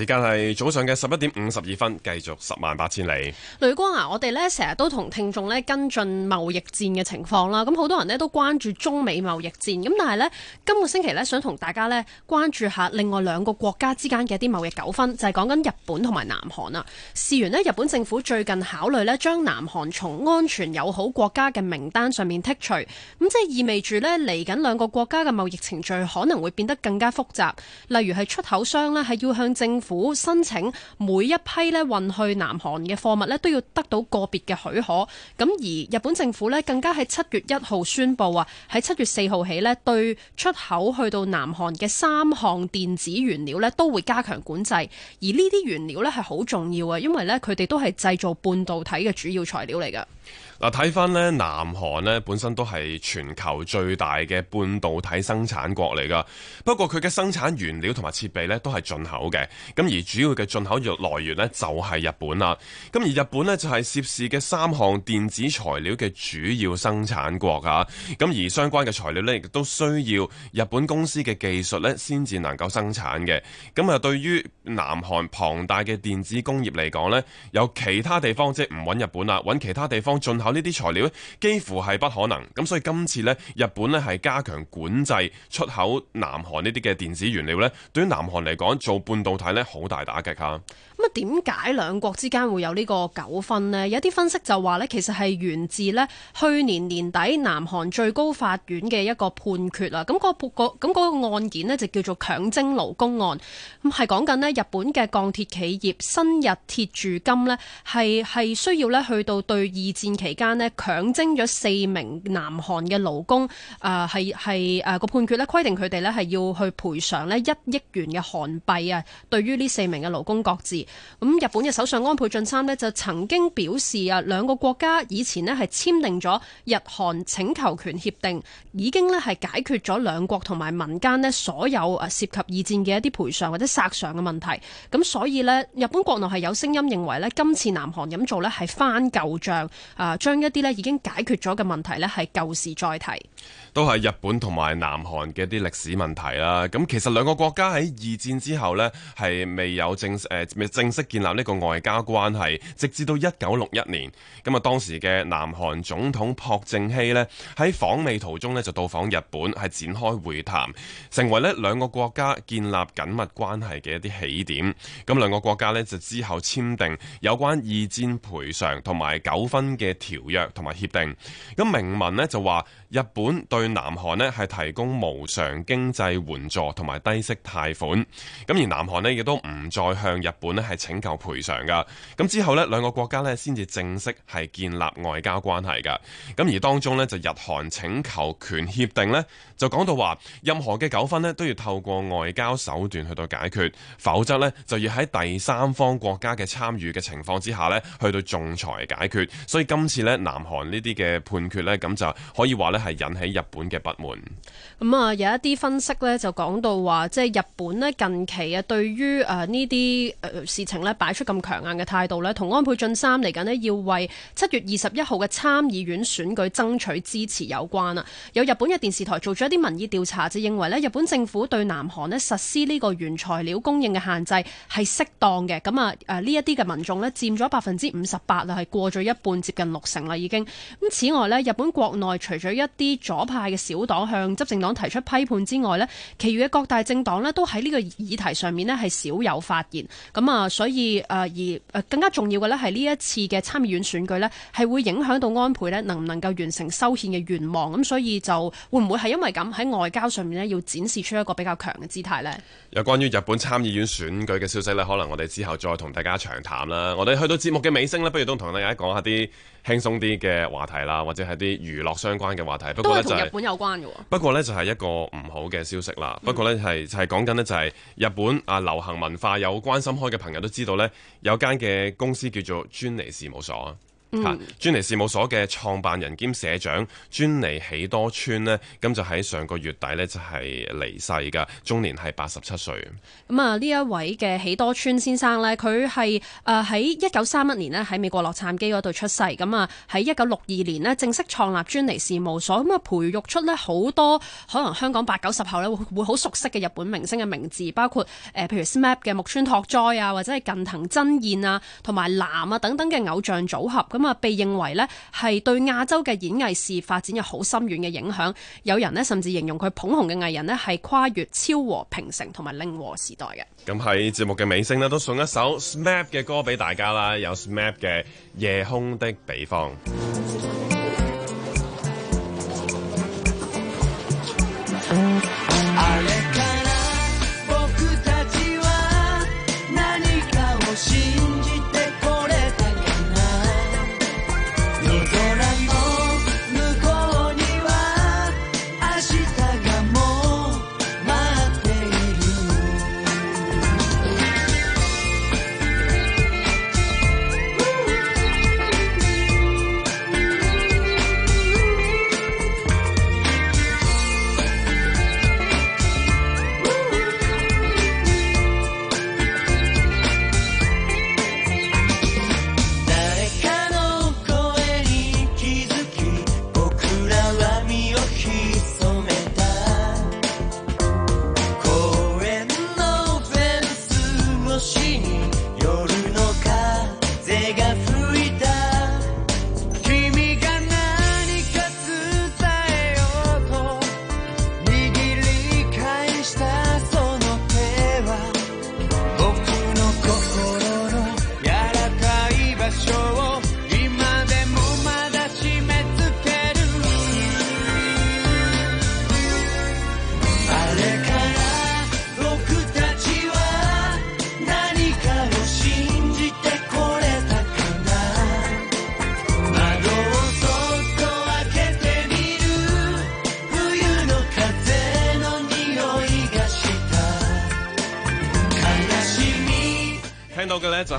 Speaker 5: 時間係早上嘅十一點五十二分，繼續十萬八千里。
Speaker 6: 雷光啊，我哋咧成日都同聽眾咧跟進貿易戰嘅情況啦。咁好多人呢都關注中美貿易戰，咁但係呢，今個星期呢，想同大家咧關注下另外兩個國家之間嘅一啲貿易糾紛，就係講緊日本同埋南韓啦。事源呢，日本政府最近考慮呢將南韓從安全友好國家嘅名單上面剔除，咁即係意味住呢，嚟緊兩個國家嘅貿易程序可能會變得更加複雜，例如係出口商呢，係要向政府府申請每一批呢，運去南韓嘅貨物呢，都要得到個別嘅許可，咁而日本政府呢，更加喺七月一號宣布啊，喺七月四號起呢，對出口去到南韓嘅三項電子原料呢，都會加強管制，而呢啲原料呢，係好重要嘅，因為呢佢哋都係製造半導體嘅主要材料嚟噶。
Speaker 5: 嗱，睇翻呢南韓呢，本身都係全球最大嘅半導體生產國嚟噶。不過佢嘅生產原料同埋設備呢，都係進口嘅。咁而主要嘅進口源來源呢，就係日本啦。咁而日本呢，就係涉事嘅三項電子材料嘅主要生產國噶。咁而相關嘅材料呢，亦都需要日本公司嘅技術呢，先至能夠生產嘅。咁啊，對於南韓龐大嘅電子工業嚟講呢，有其他地方即係唔搵日本啦，搵其他地方，進口呢啲材料咧，幾乎係不可能。咁所以今次呢，日本呢係加強管制出口南韓呢啲嘅電子原料呢，對於南韓嚟講，做半導體呢好大打擊吓。咁
Speaker 6: 啊，點解兩國之間會有呢個糾紛呢？有啲分析就話呢，其實係源自呢，去年年底南韓最高法院嘅一個判決啦。咁個個咁嗰個案件呢，就叫做強徵勞工案。咁係講緊呢，日本嘅鋼鐵企業新日鐵住金呢，係係需要呢去到對二戰。期間咧，強徵咗四名南韓嘅勞工，啊、呃，係係誒個判決咧，規定佢哋咧係要去賠償咧一億元嘅韓幣啊。對於呢四名嘅勞工各自，咁日本嘅首相安倍晉三咧就曾經表示啊，兩個國家以前咧係簽訂咗日韓請求權協定，已經咧係解決咗兩國同埋民間咧所有誒涉及二戰嘅一啲賠償或者索償嘅問題。咁所以咧，日本國內係有聲音認為咧，今次南韓咁做咧係翻舊賬。啊！將一啲咧已經解決咗嘅問題咧，係舊事再提。
Speaker 5: 都係日本同埋南韓嘅一啲歷史問題啦。咁其實兩個國家喺二戰之後呢，係未有正誒未、呃、正式建立呢個外交關係，直至到一九六一年。咁啊，當時嘅南韓總統朴正熙呢，喺訪美途中呢，就到訪日本，係展開會談，成為呢兩個國家建立緊密關係嘅一啲起點。咁兩個國家呢，就之後簽訂有關二戰賠償同埋糾紛嘅條約同埋協定。咁明文呢，就話。日本對南韓呢係提供無償經濟援助同埋低息貸款，咁而南韓呢亦都唔再向日本呢係請求賠償㗎。咁之後呢，兩個國家呢先至正式係建立外交關係㗎。咁而當中呢就日韓請求權協定呢就講到話，任何嘅糾紛呢都要透過外交手段去到解決，否則呢就要喺第三方國家嘅參與嘅情況之下呢去到仲裁解決。所以今次呢，南韓呢啲嘅判決呢，咁就可以話呢。係引起日本嘅不滿。
Speaker 6: 咁、嗯、啊，有一啲分析呢，就講到話，即係日本咧近期啊，對於誒呢啲誒事情咧，擺出咁強硬嘅態度咧，同安倍晉三嚟緊咧要為七月二十一號嘅參議院選舉爭取支持有關啦。有日本嘅電視台做咗一啲民意調查，就認為咧，日本政府對南韓咧實施呢個原材料供應嘅限制係適當嘅。咁啊誒、呃、呢一啲嘅民眾咧，佔咗百分之五十八啦，係過咗一半，接近六成啦已經。咁此外呢，日本國內除咗一啲左派嘅小黨向執政黨提出批判之外呢，其餘嘅各大政黨咧都喺呢個議題上面咧係少有發言。咁啊，所以誒、呃、而更加重要嘅呢係，呢一次嘅參議院選舉呢係會影響到安倍呢能唔能夠完成修憲嘅願望。咁所以就會唔會係因為咁，喺外交上面呢要展示出一個比較強嘅姿態呢？
Speaker 5: 有關於日本參議院選舉嘅消息呢，可能我哋之後再同大家長談啦。我哋去到節目嘅尾聲呢，不如都同大家講下啲。輕鬆啲嘅話題啦，或者係啲娛樂相關嘅話題。不過呢，就係日本有關嘅。不過呢就係一個唔好嘅消息啦。嗯、不過呢，係就係講緊呢，就係日本啊流行文化有關心開嘅朋友都知道呢有間嘅公司叫做專利事務所。嗯、專利事務所嘅創辦人兼社長、嗯、專利喜多川呢，咁就喺上個月底呢，就係離世噶，終年係八十七歲。
Speaker 6: 咁啊呢一位嘅喜多川先生呢，佢係誒喺一九三一年呢，喺美國洛杉磯嗰度出世，咁啊喺一九六二年呢，正式創立專利事務所，咁啊培育出呢好多可能香港八九十後呢會會好熟悉嘅日本明星嘅名字，包括誒、呃、譬如 SMAP 嘅木村拓哉啊，或者係近藤真彥啊，同埋嵐啊等等嘅偶像組合。咁啊，被認為咧係對亞洲嘅演藝事業發展有好深遠嘅影響。有人咧甚至形容佢捧紅嘅藝人咧係跨越昭和平成同埋令和時代嘅。
Speaker 5: 咁喺節目嘅尾聲咧，都送一首 SMAP 嘅歌俾大家啦，有 SMAP 嘅《夜空的彼方》。嗯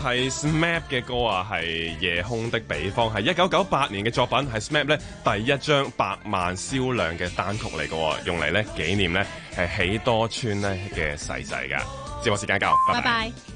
Speaker 5: 係 Smap 嘅歌啊，係夜空的彼方，係一九九八年嘅作品，係 Smap 咧第一張百萬銷量嘅單曲嚟噶，用嚟咧紀念咧係喜
Speaker 7: 多川咧嘅細仔噶。節目時間夠，
Speaker 5: 拜拜。拜
Speaker 1: 拜。